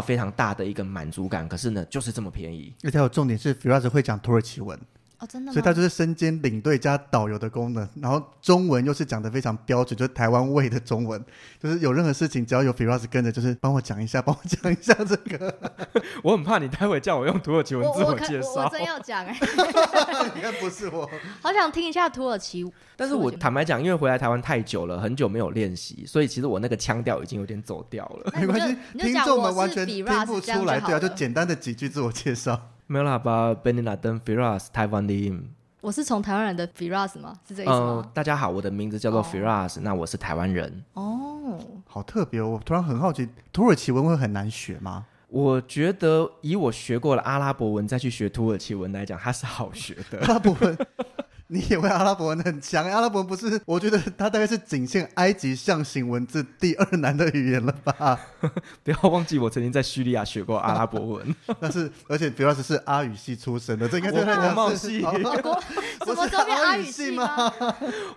S3: 非常大的一個滿足感，可是呢，就是這麼便宜。
S1: 而且還有重點是，Firas 會講土耳其文。Oh, 所以他就是身兼領隊加導遊的功能，然後中文又是講的非常標準，就是台灣味的中文，就是有任何事情只要有 Firas 跟着，就是幫我講一下，幫
S3: 我講一下這個。 我很怕你待會叫我用土耳其文自我介紹，我真要
S2: 講
S1: 哎、欸，應 該 不是我。
S2: 好想聽一下土耳其， 但是我坦
S3: 白講，因為回來台灣太久了，很久沒有練習，所以其實我那個腔調已經有點走掉了。
S2: 沒關係，聽眾們完全聽不出來對啊，就簡
S3: 單的幾句自我介紹。沒有 l a b e n n y n a Den Firas Taiwan 的，
S2: 我是從台灣來的 Firas 嗎？是這意思嗎？
S3: 大家好，我的名字叫做 Firas、哦、那我是台灣人。
S2: 哦，
S3: 好特別、哦！我突然很好奇，土耳其文會很難學嗎？我覺得以我學過了阿拉伯文再去學土耳其文來講，它
S2: 是好學的。阿拉伯
S1: 文 你以為阿拉伯文很強、欸？阿拉伯文不是？我覺得它大概是僅限埃及象形文字第二難的語言了吧？ 不要忘記
S3: 我曾經在敘利亞學過阿拉伯文， 但是而且 Firas 是阿語系出身的，這應該是的是國貿系。啊哦、 什
S1: 麼？說是阿語系嗎？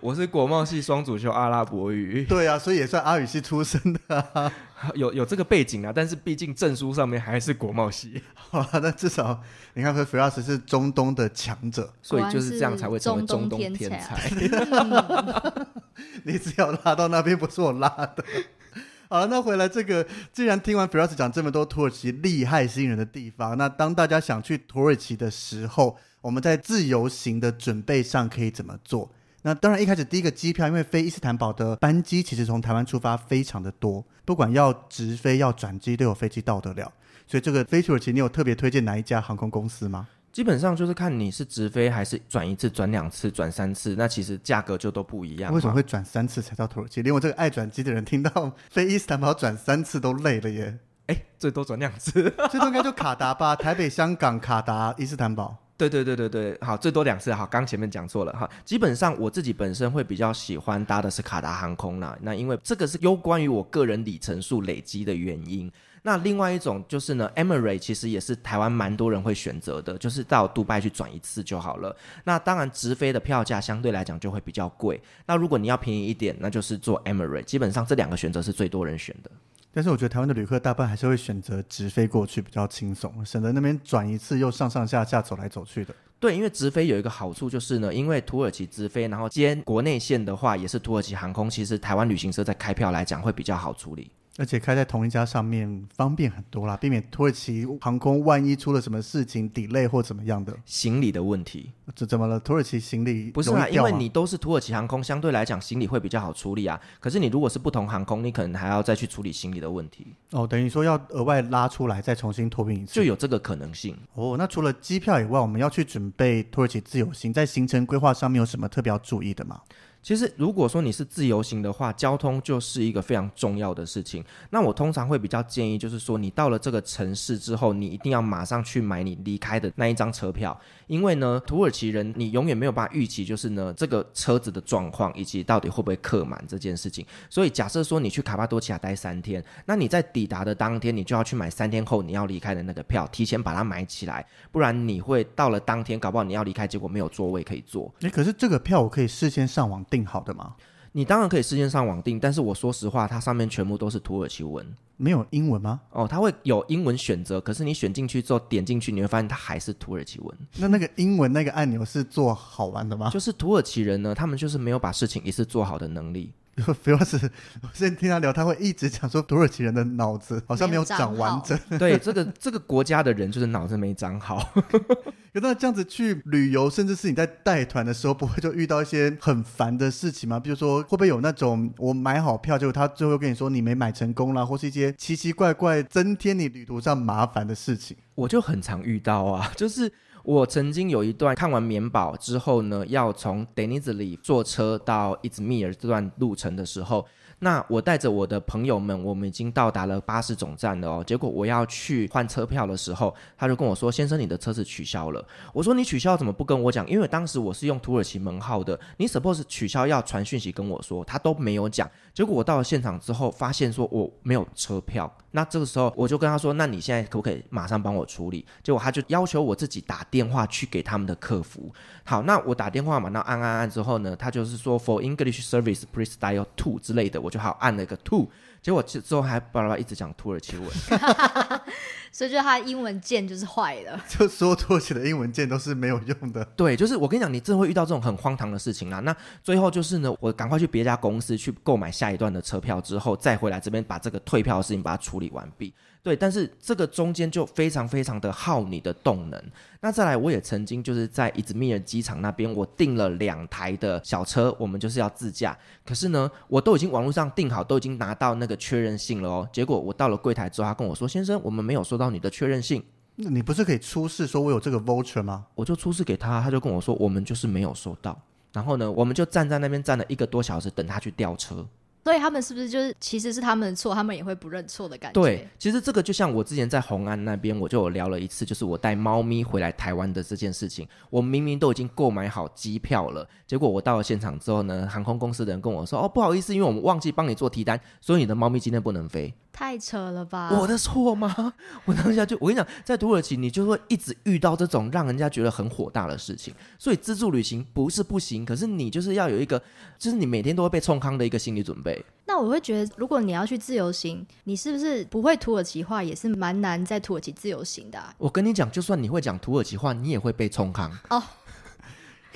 S3: 我是國貿系雙主修阿拉伯語， 對啊，所以也算阿語系出身的、啊。 有有這個背景啊，但是
S1: 畢竟證書上面還是國貿系。好，那至少你看，Firas 是中東的強者，所以就是這樣才會成為中東天才。嗯、 你只要拉到那邊，不是我拉的。好了，那回來這個，既然聽完 Firas 講這麼多土耳其厲害新人的地方，那當大家想去土耳其的時候，我們在自由行的準備上可以怎麼做？那當然，一開始第一個機票，因為飛伊斯坦堡的班機，其實從台灣出發非常的多，不管要直飛要轉機，都有飛機到得了。所以這個飛土耳其，你有特別推薦哪一家航空公司嗎？
S3: 基本上就是看你是直飛還是轉一次、轉兩次、轉三次，那其實價格就都不一樣。為什麼會
S1: 轉三次才到土耳其？連我這個愛轉機的人聽到飛伊斯坦堡轉三次都累了耶！哎、欸，
S3: 最多轉兩次， 最多應該就卡達吧，台北、香港、卡達、伊斯坦堡。對對對對對，好，最多兩次，好，剛前面講錯了哈。基本上我自己本身會比較喜歡搭的是卡達航空啦，那因為這個是有關於我個人里程數累積的原因。那另外一種就是呢，Emirates 其實也是台灣蠻多人會選擇的，就是到杜拜去轉一次就好了。那當然直飛的票價相對來講就會比較貴。那如果你要便宜一點，那就是坐 Emirates。基本上這兩個選擇是最多人選的。
S1: 但是我覺得台灣的旅客大部分還是會選擇直飛過去比較輕鬆，省得那邊轉一次又上上下下走來走去的。
S3: 對，因為直飛有一個好處就是呢，因為土耳其直飛，然後接國內線的話也是土耳其航空，其實台灣旅行社在開票來講會比較好處理。
S1: 而且開在同一家上面方便很多啦，避免土耳其航空萬一出了什麼事情 delay 或怎麼樣的行李的問題。怎怎麼了？土耳其行李不是啊，因為你
S3: 都是土耳其航空，相對來講行李會比較好處理啊。可是你如果是不同航空，你可能還要再去處理行李的問題。
S1: 哦，等於說要額外拉出來再重新托運一次，就有這個可能性。哦，那除了機票以外，我們要去準
S3: 備土耳其自由行，在行程規劃上面有什麼特別要注意的嗎？其實，如果說你是自由行的話，交通就是一個非常重要的事情。那我通常會比較建議，就是說你到了這個城市之後，你一定要馬上去買你離開的那一張車票，因為呢，土耳其人你永遠沒有辦法預期，就是呢這個車子的狀況以及到底會不會客滿這件事情。所以，假設說你去卡帕多其亞待三天，那你在抵達的當天，你就要去買三天後你要離開的那個票，提前把它買起來，不然你會到了當天，搞不好你要離開，結果沒有座位可以坐。欸，可是這個票我可以事先上網訂。訂好的嗎？你當然可以事先上網訂，但是我說實話，它上面全部都是土耳其文。沒有英文嗎？哦，它會有英文選擇，可是你選進去之後點進去，你會發現它還是土耳其文。那那個英文那個按鈕是做好玩的嗎？就是土耳其人呢，他們就是沒有把事情一次做好的能力。
S1: 不要是我先聽他聊，他會一直講說土耳其人的腦子好像沒有長完整， 對，這個
S3: 這個國家的人就是腦子沒長好。那 有有這樣子去
S1: 旅遊，甚至是你在帶團的時候，不會就遇到一些很煩的事情嗎？比如說，會不會有那種我買好票，結果他就他最後跟你說你沒買成功啦，或是一些奇奇怪怪增
S3: 添你旅途上麻煩的事情？我就很常遇到啊，就是。我曾經有一段看完棉堡之後呢，要從 Denizli 坐車到伊茲密爾這段路程的時候，那我帶着我的朋友們，我們已經到達了巴士總站了哦。結果我要去換車票的時候，他就跟我說：“先生，你的車子取消了。”我說：“你取消怎麼不跟我講？”因為當時我是用土耳其門號的，你 suppose 取消要傳訊息跟我說，他都沒有講。結果我到了現場之後，發現說我沒有車票。那這個時候，我就跟他說：“那你現在可不可以馬上幫我處理？”結果他就要求我自己打電話去給他們的客服。好，那我打電話嘛，那按按按之後呢，他就是說 “For English service, please dial two 之類的，我就好按了一個 two。結果就最後還巴拉巴一直講土耳其文 ，
S2: 所以就他的英文鍵就是壞的，
S3: 就所有土耳其的英文鍵都是沒有用的。對，就是我跟你講，你真會遇到這種很荒唐的事情啦。那最後就是呢，我趕快去別家公司去購買下一段的車票，之後再回來這邊把這個退票的事情把它處理完畢。對，但是這個中間就非常非常的耗你的動能。那再來，我也曾經就是在伊茲密爾機場那邊，我訂了兩台的小車，我們就是要自駕。可是呢，我都已經網絡上訂好，都已經拿到那個確認信了哦。結果我到了櫃台之後，他跟我說：“先生，我們沒有收到你的確認信。”你不是可以出示說我有這個 voucher 嗎？我就出示給他，他就跟我說：“我們就是沒有收到。”然後呢，我們就站在那邊站了一個多小時，等他去調車。
S2: 所以他們是不是就是其實是他們的錯，他們也會不認錯的感覺？對，
S3: 其實這個就像我之前在紅安那邊，我就有聊了一次，就是我帶貓咪回來台灣的這件事情。我明明都已經購買好機票了，結果我到了現場之後呢，航空公司的人跟我說，哦，不好意思，因為我們忘記幫你做提單，所以你的貓咪今天不能飛。
S2: 太扯了吧！我的錯嗎？
S3: 我當下就，我跟你講，在土耳其你就會一直遇到這種讓人家覺得很火大的事情。所以自助旅行不是不行，可是你就是要有一個，就是你每天都會被衝康的一個心理準備。
S2: 那我會覺得，如果你要去自由行，你是不是不會土耳其話也是蠻難在土耳其自由行的
S3: 啊？我跟你講，就算你會講土耳其話，你也會被衝康
S2: 哦。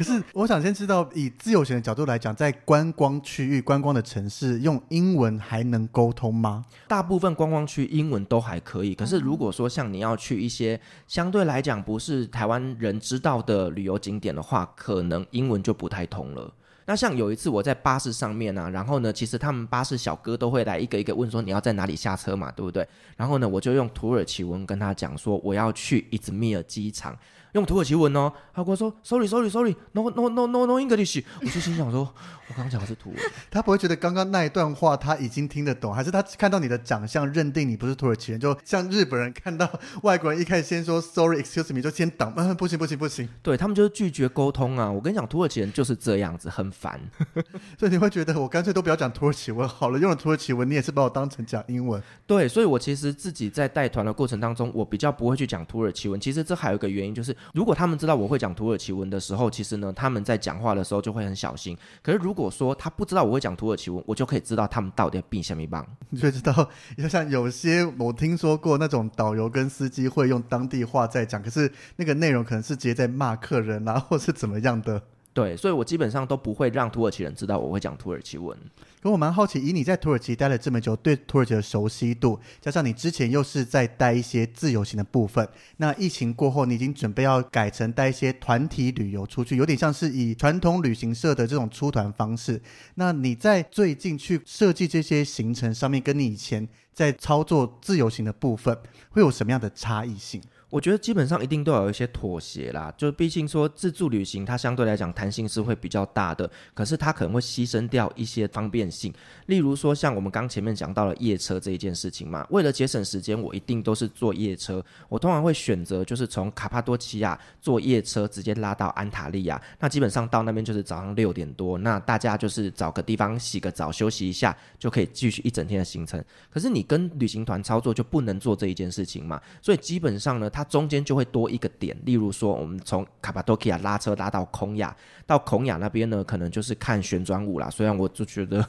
S1: 可是我想先知道，以自由行的角度來講，在觀光區域、觀光的城市，用英文還能溝通嗎？
S3: 大部分觀光區英文都還可以。可是如果說像你要去一些相對來講不是台灣人知道的旅遊景點的話，可能英文就不太通了。那像有一次我在巴士上面啊，然後呢，其實他們巴士小哥都會來一個一個問說你要在哪裡下車嘛，對不對？然後呢，我就用土耳其文跟他講說我要去伊茲密爾機場。用土耳其文哦，他跟我說，sorry，sorry，sorry，no，no，no，no，no、no, no, no, no、English。我就心想說， 我剛剛講的是土文，他不會
S1: 覺得剛剛那一段話他已經聽得懂，還是他看到你的長相認定你不是土耳其人？就像日本人看到外國人一開始先說 sorry，excuse me，就先擋，嗯，不行不行不行，不行。
S3: 對，他們就是拒絕溝通啊！我跟你講，土耳其人就是這樣子，很煩。
S1: 所以你會覺得我乾脆都不要講土耳其文好了，用了土耳其文你也是把我當成講英文。
S3: 對，所以我其實自己在帶團的過程當中，我比較不會去講土耳其文。其實這還有一個原因就是。如果他們知道我會講土耳其文的時候，其實呢，他們在講話的時候就會很小心。可是如果說他不知道我會講土耳其文，我就可以知道他們到底要比什麼棒，
S1: 你就知道，就像有些我聽說過那種導遊跟司機會用當地話在講，可是那個內容可能是直接在罵客人
S3: 啊，或是怎麼樣的。對，所以我基本上都不會讓土耳其人知道我會講土耳其文。
S1: 哦，我蠻好奇，以你在土耳其待了這麼久，對土耳其的熟悉度，加上你之前又是在帶一些自由行的部分，那疫情過後，你已經準備要改成帶一些團體旅遊出去，有點像是以傳統旅行社的這種出團方式。那你在最近去設計這些行程上面，跟你以前在操作自由行的部分，
S3: 會有什麼樣的差異性？我覺得基本上一定都有一些妥協啦，就畢竟說自助旅行它相對來講彈性是會比較大的，可是它可能會犧牲掉一些方便性。例如說像我們剛前面講到了夜車這一件事情嘛，為了節省時間，我一定都是坐夜車。我通常會選擇就是從卡帕多其亞坐夜車直接拉到安塔利亞，那基本上到那邊就是早上六點多，那大家就是找個地方洗個澡休息一下，就可以繼續一整天的行程。可是你跟旅行團操作就不能做這一件事情嘛，所以基本上呢，它中間就會多一個點，例如說，我們從卡帕多其亞拉車拉到孔亞，到孔亞那邊呢，可能就是看旋轉舞啦。雖然我就覺得。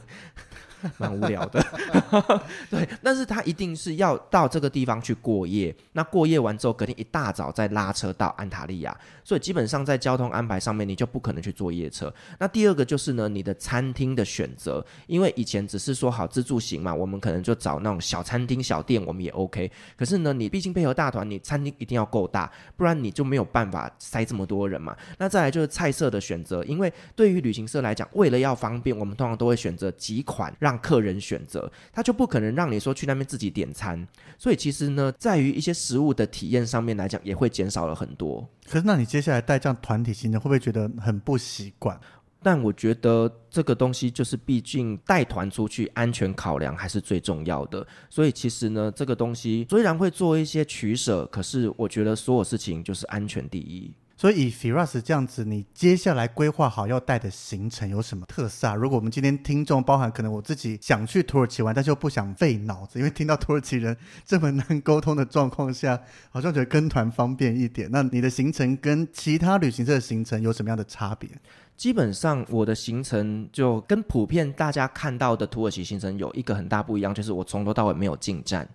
S3: 蠻無聊的 對，但是他一定是要到這個地方去過夜，那過夜完之後，隔天一大早再拉車到安塔利亞，所以基本上在交通安排上面，你就不可能去坐夜車。那第二個就是呢，你的餐廳的選擇，因為以前只是說好自助行嘛，我們可能就找那種小餐廳小店，我們也 OK。可是呢，你畢竟配合大團，你餐廳一定要夠大，不然你就沒有辦法塞這麼多人嘛。那再來就是菜色的選擇，因為對於旅行社來講，為了要方便，我們通常都會選擇幾款讓讓客人選擇，他就不可能讓你說去那邊自己點餐，所以其實呢，在於一些食物的體驗上面來講，也會減少了很多。
S1: 可是，那你接下來帶這樣團體
S3: 行程，會不會覺得很不習慣？但我覺得這個東西就是，畢竟帶團出去，安全考量，還是最重要的。所以其實呢，這個東西雖然會做一些取捨，可是我覺得所有事情就是安全第一。所以以 Firas 這
S1: 樣子，你接下來規劃好要帶的行程有什麼特色啊？如果我們今天聽眾包含可能我自己想去土耳其玩，但是又不想費腦子，因為聽到土耳其人這麼難溝通的狀況下，好像覺得跟團方便一點。那你的行程跟其他旅行社的
S3: 行程有什麼樣的差別？基本上我的行程就跟普遍大家看到的土耳其行程有一個很大不一樣，就是我從頭到尾沒有進站。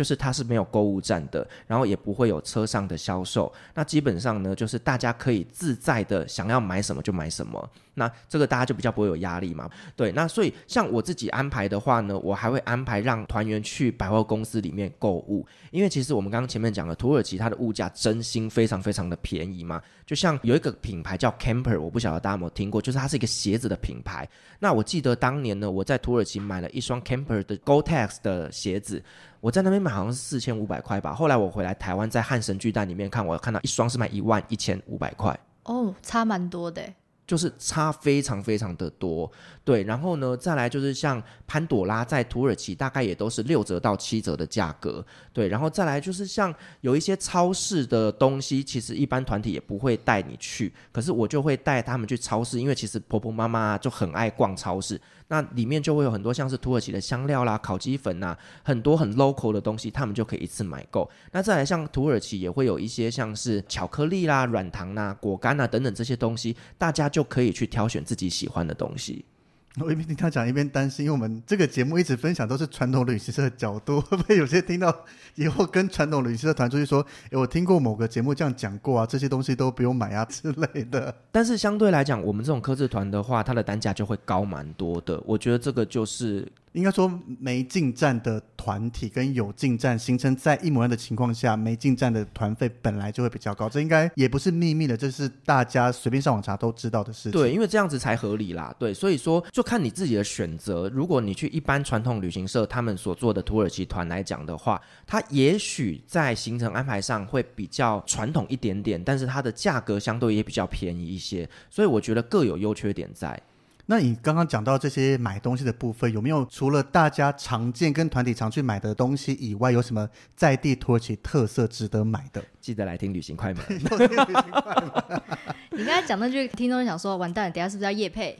S3: 就是它是沒有購物站的，然後也不會有車上的銷售。那基本上呢，就是大家可以自在的想要買什麼就買什麼。那這個大家就比較不會有壓力嘛。對，那所以像我自己安排的話呢，我還會安排讓團員去百貨公司裡面購物，因為其實我們剛剛前面講了，土耳其它的物價真心非常非常的便宜嘛。就像有一個品牌叫 Camper，我不曉得大家有沒有聽過，就是它是一個鞋子的品牌。那我記得當年呢，我在土耳其買了一雙 Camper 的 Gore-Tex 的鞋子。我在那邊買好像是四千五百塊吧，後來我回來台灣，在漢神巨蛋裡面看，我看到一雙是賣一萬一千五百塊，
S2: 哦，差蠻多的。
S3: 就是差非常非常的多，對，然後呢，再來就是像潘朵拉在土耳其大概也都是六折到七折的價格，對，然後再來就是像有一些超市的東西，其實一般團體也不會帶你去，可是我就會帶他們去超市，因為其實婆婆媽媽就很愛逛超市，那裡面就會有很多像是土耳其的香料啦、烤雞粉吶、很多很 local 的東西，他們就可以一次買夠。那再來像土耳其也會有一些像是巧克力啦、軟糖啦、果乾啦、啊、等等這些東西，大家就。就可以去挑選自己喜歡的東西。
S1: 我一邊聽他講，一邊擔心，因為我們這個節目一直分享都是傳統旅行社的角度，會不會有些聽到以後跟傳統旅行社團出去說，欸、我聽過某個節目這樣講過啊，這些東西都不用買啊之類
S3: 的。 但是相對來講，我們這種客製團的話，它的單價就會高蠻多的。我覺得這個就是。應該說，沒進站的團體跟有進站行程在一模一
S1: 樣的情況下，沒進站的團費本來就會比較高，這應該也不是秘密的，這是大家隨便上網查都知道的事情。對，
S3: 因為這樣子才合理啦。對，所以說就看你自己的選擇。如果你去一般傳統旅行社，他們所做的土耳其團來講的話，它也許在行程安排上會比較傳統一點點，但是它的價格相對也比較便宜一些。所以我覺得各有優缺點在。
S1: 那你剛剛講到這些買東西的部分，有沒有除了大家常見跟團體常去買的東西以外，有什麼在地土耳
S3: 其特色值得買的？記得來聽旅行快門。 你
S1: 剛
S2: 才講那句，聽眾想說，完蛋，等下是不是要業配？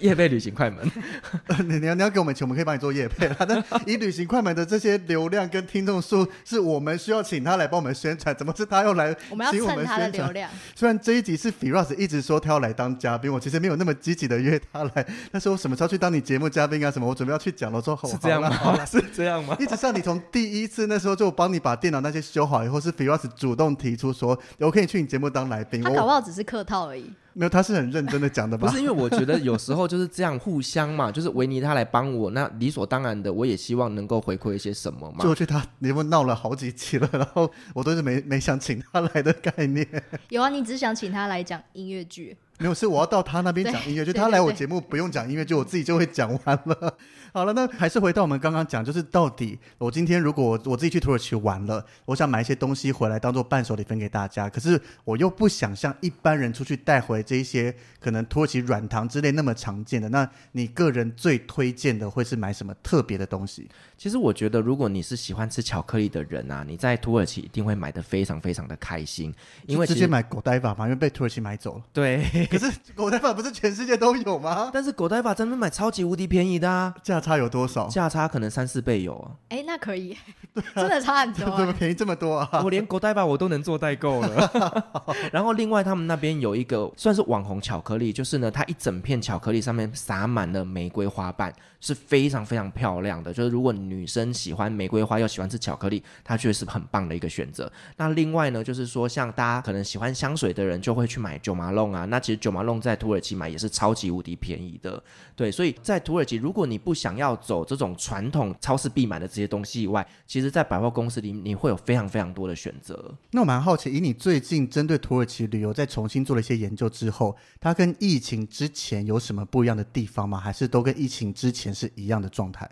S3: 夜 配旅行快門， 你你要
S1: 你要給我們錢，我們可以幫你做業配啦。 但以旅行快門的這些流量跟聽眾數，是我們需要請他來幫我們宣傳。怎麼是他要來請我們宣傳？我們要蹭他的流量。雖然這一集是 Firas 一直說他要來當嘉賓，我其實沒有那麼積極的約他來。但是我什麼時候去當你節目嘉賓啊？什麼？我準備要去講了，說好，是這樣嗎？好了，是這樣嗎？一直像你從第一次那時候就幫你把電腦那些修好以後，是 Firas 主動提出說，我可以去你節目當來賓。他搞不
S2: 好只是客套而已。
S1: 沒有，他是很認真的講的吧？ 不是，因為我覺得有
S3: 時候就是這樣互相嘛， 就是維尼他來幫我，那理所當然的，我也希望能夠回饋一些什麼嘛。就去他，你們鬧了好幾期了，然後我都是沒沒想請他來的概念。
S2: 有啊，你只想請他來講音樂劇。
S1: 沒有事，我要到他那邊講音樂，就他來我節目不用講音樂，就我自己就會講完了。 好了，那還是回到我們剛剛講，就是到底我今天如果我自己去土耳其玩了，我想買一些東西回來當做伴手禮分給大家，可是我又不想像一般人出去帶回這些可能土耳其軟糖之類那麼常見的，那你個人最推薦
S3: 的會是買什麼特別的東西？其實我覺得，如果你是喜歡吃巧克力的人啊，你在土耳其一定會買得非常非常的開心，因為直接買狗呆嘛，因為被土耳其買走了。對。可是狗代法不是全世界都有嗎？ 但是狗代法真的買超級無敵便宜的啊。價差有多少？價差可能三四倍有
S2: 啊。哎、欸，那可以 對、啊，真的差很多、啊。 怎麼便
S3: 宜這麼多啊？我連狗代法我都能做代購了。然後另外他們那邊有一個算是網紅巧克力，就是呢，它一整片巧克力上面撒滿了玫瑰花瓣，是非常非常漂亮的。就是如果女生喜歡玫瑰花又喜歡吃巧克力，它確實是很棒的一個選擇。那另外呢，就是說像大家可能喜歡香水的人，就會去買 Jo Malone 啊。那其實。九毛龍在土耳其買也是超級無敵便宜的，對，所以在土耳其，如果你不想要走這種傳統超市必買的這些東西以外，其實，在百貨公司裡你會有非常非常多的選擇。
S1: 那我蠻好奇，以你最近針對土耳其旅遊再重新做了一些研究
S3: 之後，它跟疫情之前有什麼不一樣的地方嗎？還是都跟疫情之前是一樣的狀態？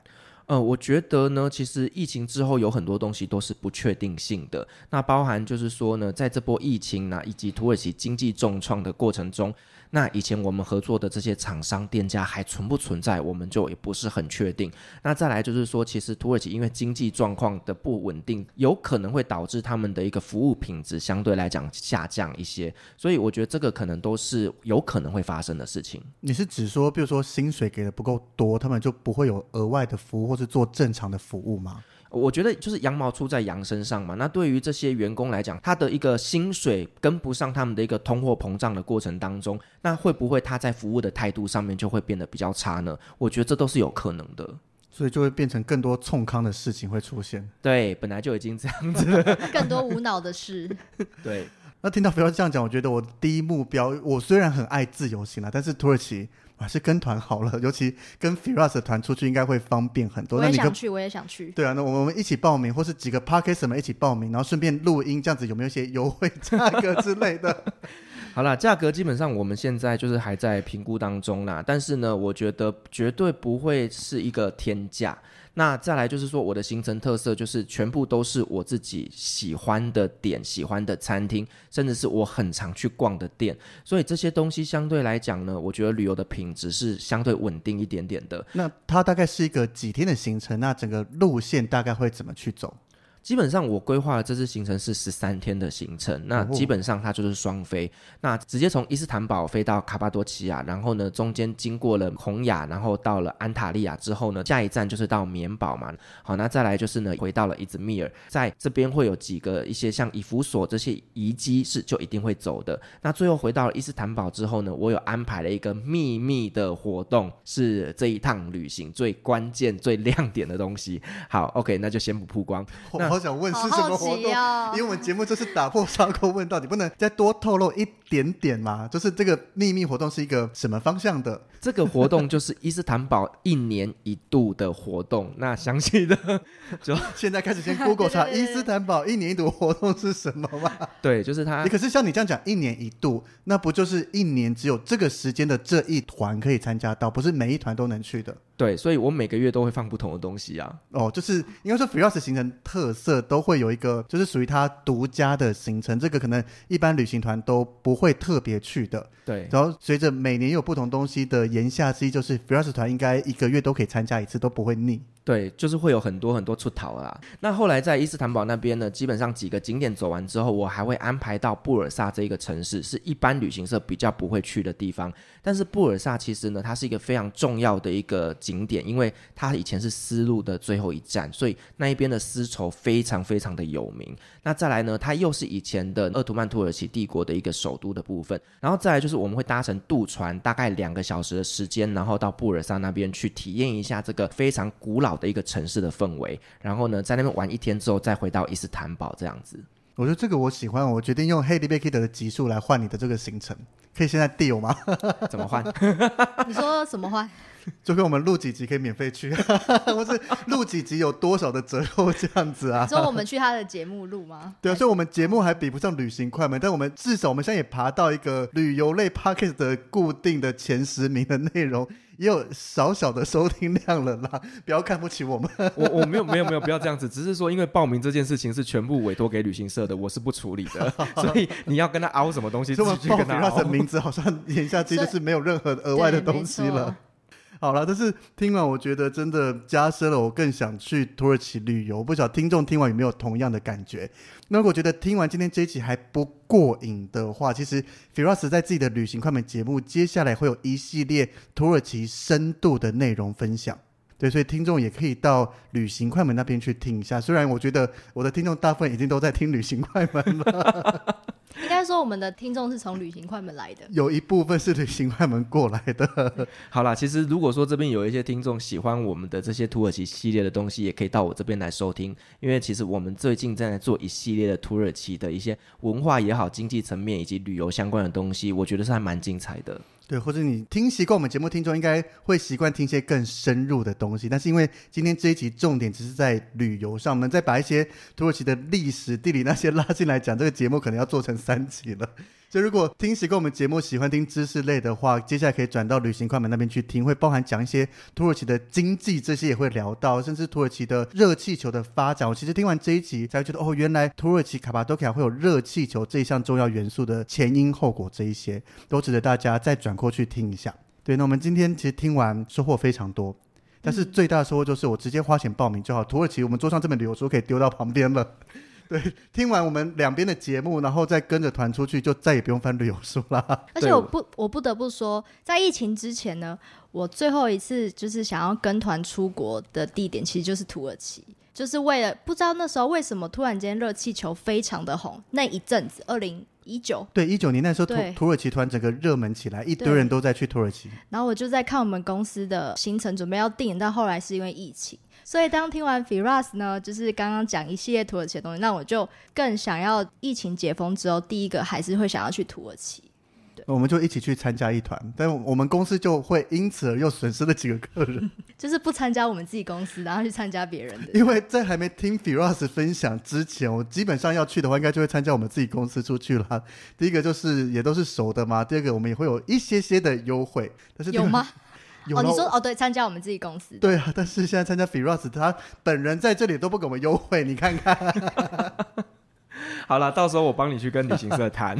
S3: 呃，我覺得呢，其實疫情之後有很多東西都是不確定性的，那包含就是說呢，在這波疫情呢啊，以及土耳其經濟重創的過程中。那以前我們合作的這些廠商店家，還存不存在，我們就也不是很確定。那再來就是說，其實土耳其因為經濟狀況的不穩定，有可能會導致他們的一個服務品質相對來講下降一些。所以我覺得這個可能都是有可能會發生的事情。
S1: 你是指說，比如說薪水給的不夠多，他們就不會有額外的服務，或是做正常的服務嗎？
S3: 我覺得就是羊毛出在羊身上嘛。那對於這些員工來講，他的一個薪水跟不上他們的一個通貨膨脹的過程當中，那會不會他在服務的態度上面就會變得比較差呢？我覺得這都是有可能的。
S1: 所以就會變成更多衝康的事情會出現。
S3: 對，本來就已經這樣子
S2: 更多無腦的事。 對，
S1: 那聽到肥貓這樣講，我覺得我的第一目標，我雖然很愛自由行啦，但是土耳其。還是跟團好了，尤其跟 Firas 的團出去，應該會方便很多。我也想去，
S2: 我也想去。對
S1: 啊，那我們一起報名，或是幾個 Podcaster 們一起報名，然後順便錄音，這樣子有沒有一些優惠價格之類的？
S3: 好啦，價格基本上我們現在就是還在評估當中啦。但是呢，我覺得絕對不會是一個天價。那再來就是說，我的行程特色就是全部都是我自己喜歡的點、喜歡的餐廳，甚至是我很常去逛的店。所以這些東西相對來講呢，我覺得旅遊的品質是相對穩定一點點的。那它大概是一個幾天的行程，那整個路線大概會怎麼去走？基本上我規劃的這次行程是十三天的行程，那基本上它就是雙飛，那直接從伊斯坦堡飛到卡巴多奇亞，然後呢，中間經過了孔雅，然後到了安塔利亞之後呢，下一站就是到棉堡嘛。好，那再來就是呢，回到了伊茲密爾，在這邊會有幾個一些像以弗所這些遺跡是就一定會走的。那最後回到了伊斯坦堡之後呢，我有安排了一個秘密的活動，是這一趟旅行最關鍵、最亮點的東西。好，OK，那就先不曝光。那好想問是什麼活動？好好奇哦、因為我們節目就是打破砂鍋問到底，不能再多透露一點點嗎？就是這個秘密活動是一個什麼方向的？這個活動就是伊斯坦堡一年一度的活動。 那詳細的就現在開始先 Google 查伊
S1: 斯坦堡一年一度活動是什麼吧。
S3: 對，就是它。可是
S1: 像你這樣講，一年一度，那不就是一年只有這個時間的這一團可以參加到，不是每一團都能去的？
S3: 對，所以我每個月都會放不同的東西啊。
S1: 哦，就是應該說，Firas 形成特色。色都會有一個，就是屬於它獨家的行程，這個可能一般旅行團都不會特別去的。對。然後隨着每年有不同東西的，言下之意就是 Firas 團應該一個月都可以參加一
S3: 次，都不會膩。對，就是會有很多很多出逃了啦。那後來在伊斯坦堡那邊呢，基本上幾個景點走完之後，我還會安排到布爾薩這一個城市，是一般旅行社比較不會去的地方。但是布爾薩其實呢，它是一個非常重要的一個景點，因為它以前是絲路的最後一站，所以那一邊的絲綢非非常非常的有名。那再來呢？它又是以前的鄂圖曼土耳其帝國的一個首都的部分。然後再來就是我們會搭乘渡船，大概兩個小時的時間，然後到布爾薩那邊去體驗一下這個非常古老的一個城市的氛圍。然後呢，在那邊玩一天之後，再回到伊斯坦堡這樣子。
S1: 我覺得這個我喜歡，我決定用 Hedi Bekir 的級數來換你的這個行程，可以現在 deal 嗎？ 怎麼換？ 你
S2: 說怎麼換？
S1: 就跟我們錄幾集可以免費去、啊，或 是錄幾集有多少的折扣這樣子啊？所以我們
S2: 去他的節目錄嗎？
S1: 對啊，所以我們節目還比不上旅行快門，但我們至少我們現在也爬到一個旅遊類 podcast 的固定的前十名的內容，也有小小的收聽量了啦。不要看不起我們， 我我沒有沒有沒有，不要這
S3: 樣子，只是說因為報名這件事情是全部委托給旅行社的，我是不處理的， 所以你要跟他凹什麼東西？什 麼報名？他的名字好
S1: 像眼下去就是沒有任何額外的東西了。
S3: 好了，但是聽完我覺得
S1: 真的加深了，我更想去土耳其旅遊。不曉得聽眾聽完有沒有同樣的感覺？那我覺得聽完今天這一期還不過癮的話，其實 Firas 在自己的旅行快門節目接下來會有一系列土耳其深度的內容分享。對，所以聽眾也可以到旅行快門那邊去聽一下。雖然我覺得我的聽眾大部分已經都
S3: 在聽旅行快門了，
S2: 應該說我們的聽眾是從旅行快門來的，有一
S3: 部分是旅行快門過來的。 好了，其實如果說這邊有一些聽眾喜歡我們的這些土耳其系列的東西，也可以到我這邊來收聽，因為其實我們最近正在做一系列的土耳其的一些文化也好、經濟層面以及旅遊相關的東西，我覺得是還蠻精彩的。
S1: 對，或者你聽習慣我們節目聽眾，應該會習慣聽些更深入的東西。但是因為今天這一集重點只是在旅遊上，我們再把一些土耳其的歷史、地理那些拉進來講，這個節目可能要做成三集了。所以，如果聽習慣我們節目，喜歡聽知識類的話，接下來可以轉到旅行快門那邊去聽，會包含講一些土耳其的經濟，這些也會聊到，甚至土耳其的熱氣球的發展。我其實聽完這一集，才會覺得哦，原來土耳其卡帕多其亞會有熱氣球這一項重要元素的前因後果，這一些都值得大家再轉過去聽一下。對，那我們今天其實聽完收穫非常多，嗯、但是最大的收穫就是我直接花錢報名就好，土耳其我們桌上這本旅遊書可以丟到旁邊了。對，聽完我們兩邊的節目，然後再跟着團出去，就再也不用翻旅遊書了。而且我不，
S2: 我不得不說，在疫情之前呢，我最後一次就是想要跟團出國的地點，其實就是土耳其，就是為了不知道那時候為什麼突然間熱氣球非常的紅，那一陣子二零一九
S1: 對一九年那時候土土耳其團整個熱門起來，一堆人都在去土耳其。
S2: 然後我就在看我們公司的行程，準備要定，但後來是因為疫情。所以，當聽完 Firas 呢，就是剛剛講一系列土耳其的東西，那我就更想要疫情解封之後，第一個還是會想要去土耳其。
S1: 對。我們就一起去參加一團，但我們公司就會因此而又損失了幾個客人。
S2: 就是不參加我們自己公司，然後去參加別人的。 因
S1: 為在還沒聽 Firas 分享之前，我基本上要去的話，應該就會參加我們自己公司出去了。第一個就是也都是熟的嘛，第二個我們也會有一些些的優惠。但是有嗎？
S2: 哦，你說哦，對，參加我們自己公司。對啊，
S1: 但是現在參加 Firas 他本人在這裡都不給我們優惠，你看看。好了，到時候我幫你去跟旅行社談。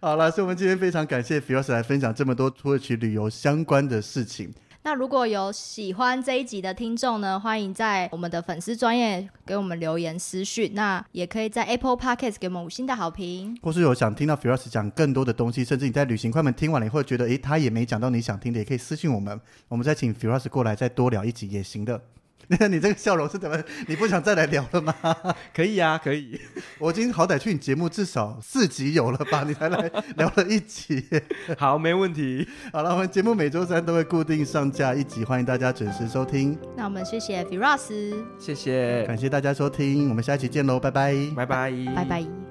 S1: 好了，所以我們今天非常感謝 Firas 來分享這麼多土耳其旅遊相關的事情。
S2: 那如果有喜歡這一集的聽眾呢，歡迎在我們的粉絲專頁給我們留言私訊。那也可以在 Apple Podcast 給我們五星的好評。
S1: 或是有想聽到 Firas 講更多的東西，甚至你在旅行快門聽完了以後覺得，哎，他也沒講到你想聽的，也可以私信我們，我們再請 Firas 過來再多聊一集也行的。你這個笑容是怎麼？你不想再來聊了嗎？ 可以啊，可以。 我今天好歹去你節目至少四集有了吧？你才來聊了一集。 好，沒問題。好了，我們節目每週三都會固定上架一集，歡迎大家準時收聽。
S2: 那我們謝謝 Firas，
S1: 謝謝，感謝大家收聽，我們下一期見嘍，拜拜，拜
S2: 拜，拜拜。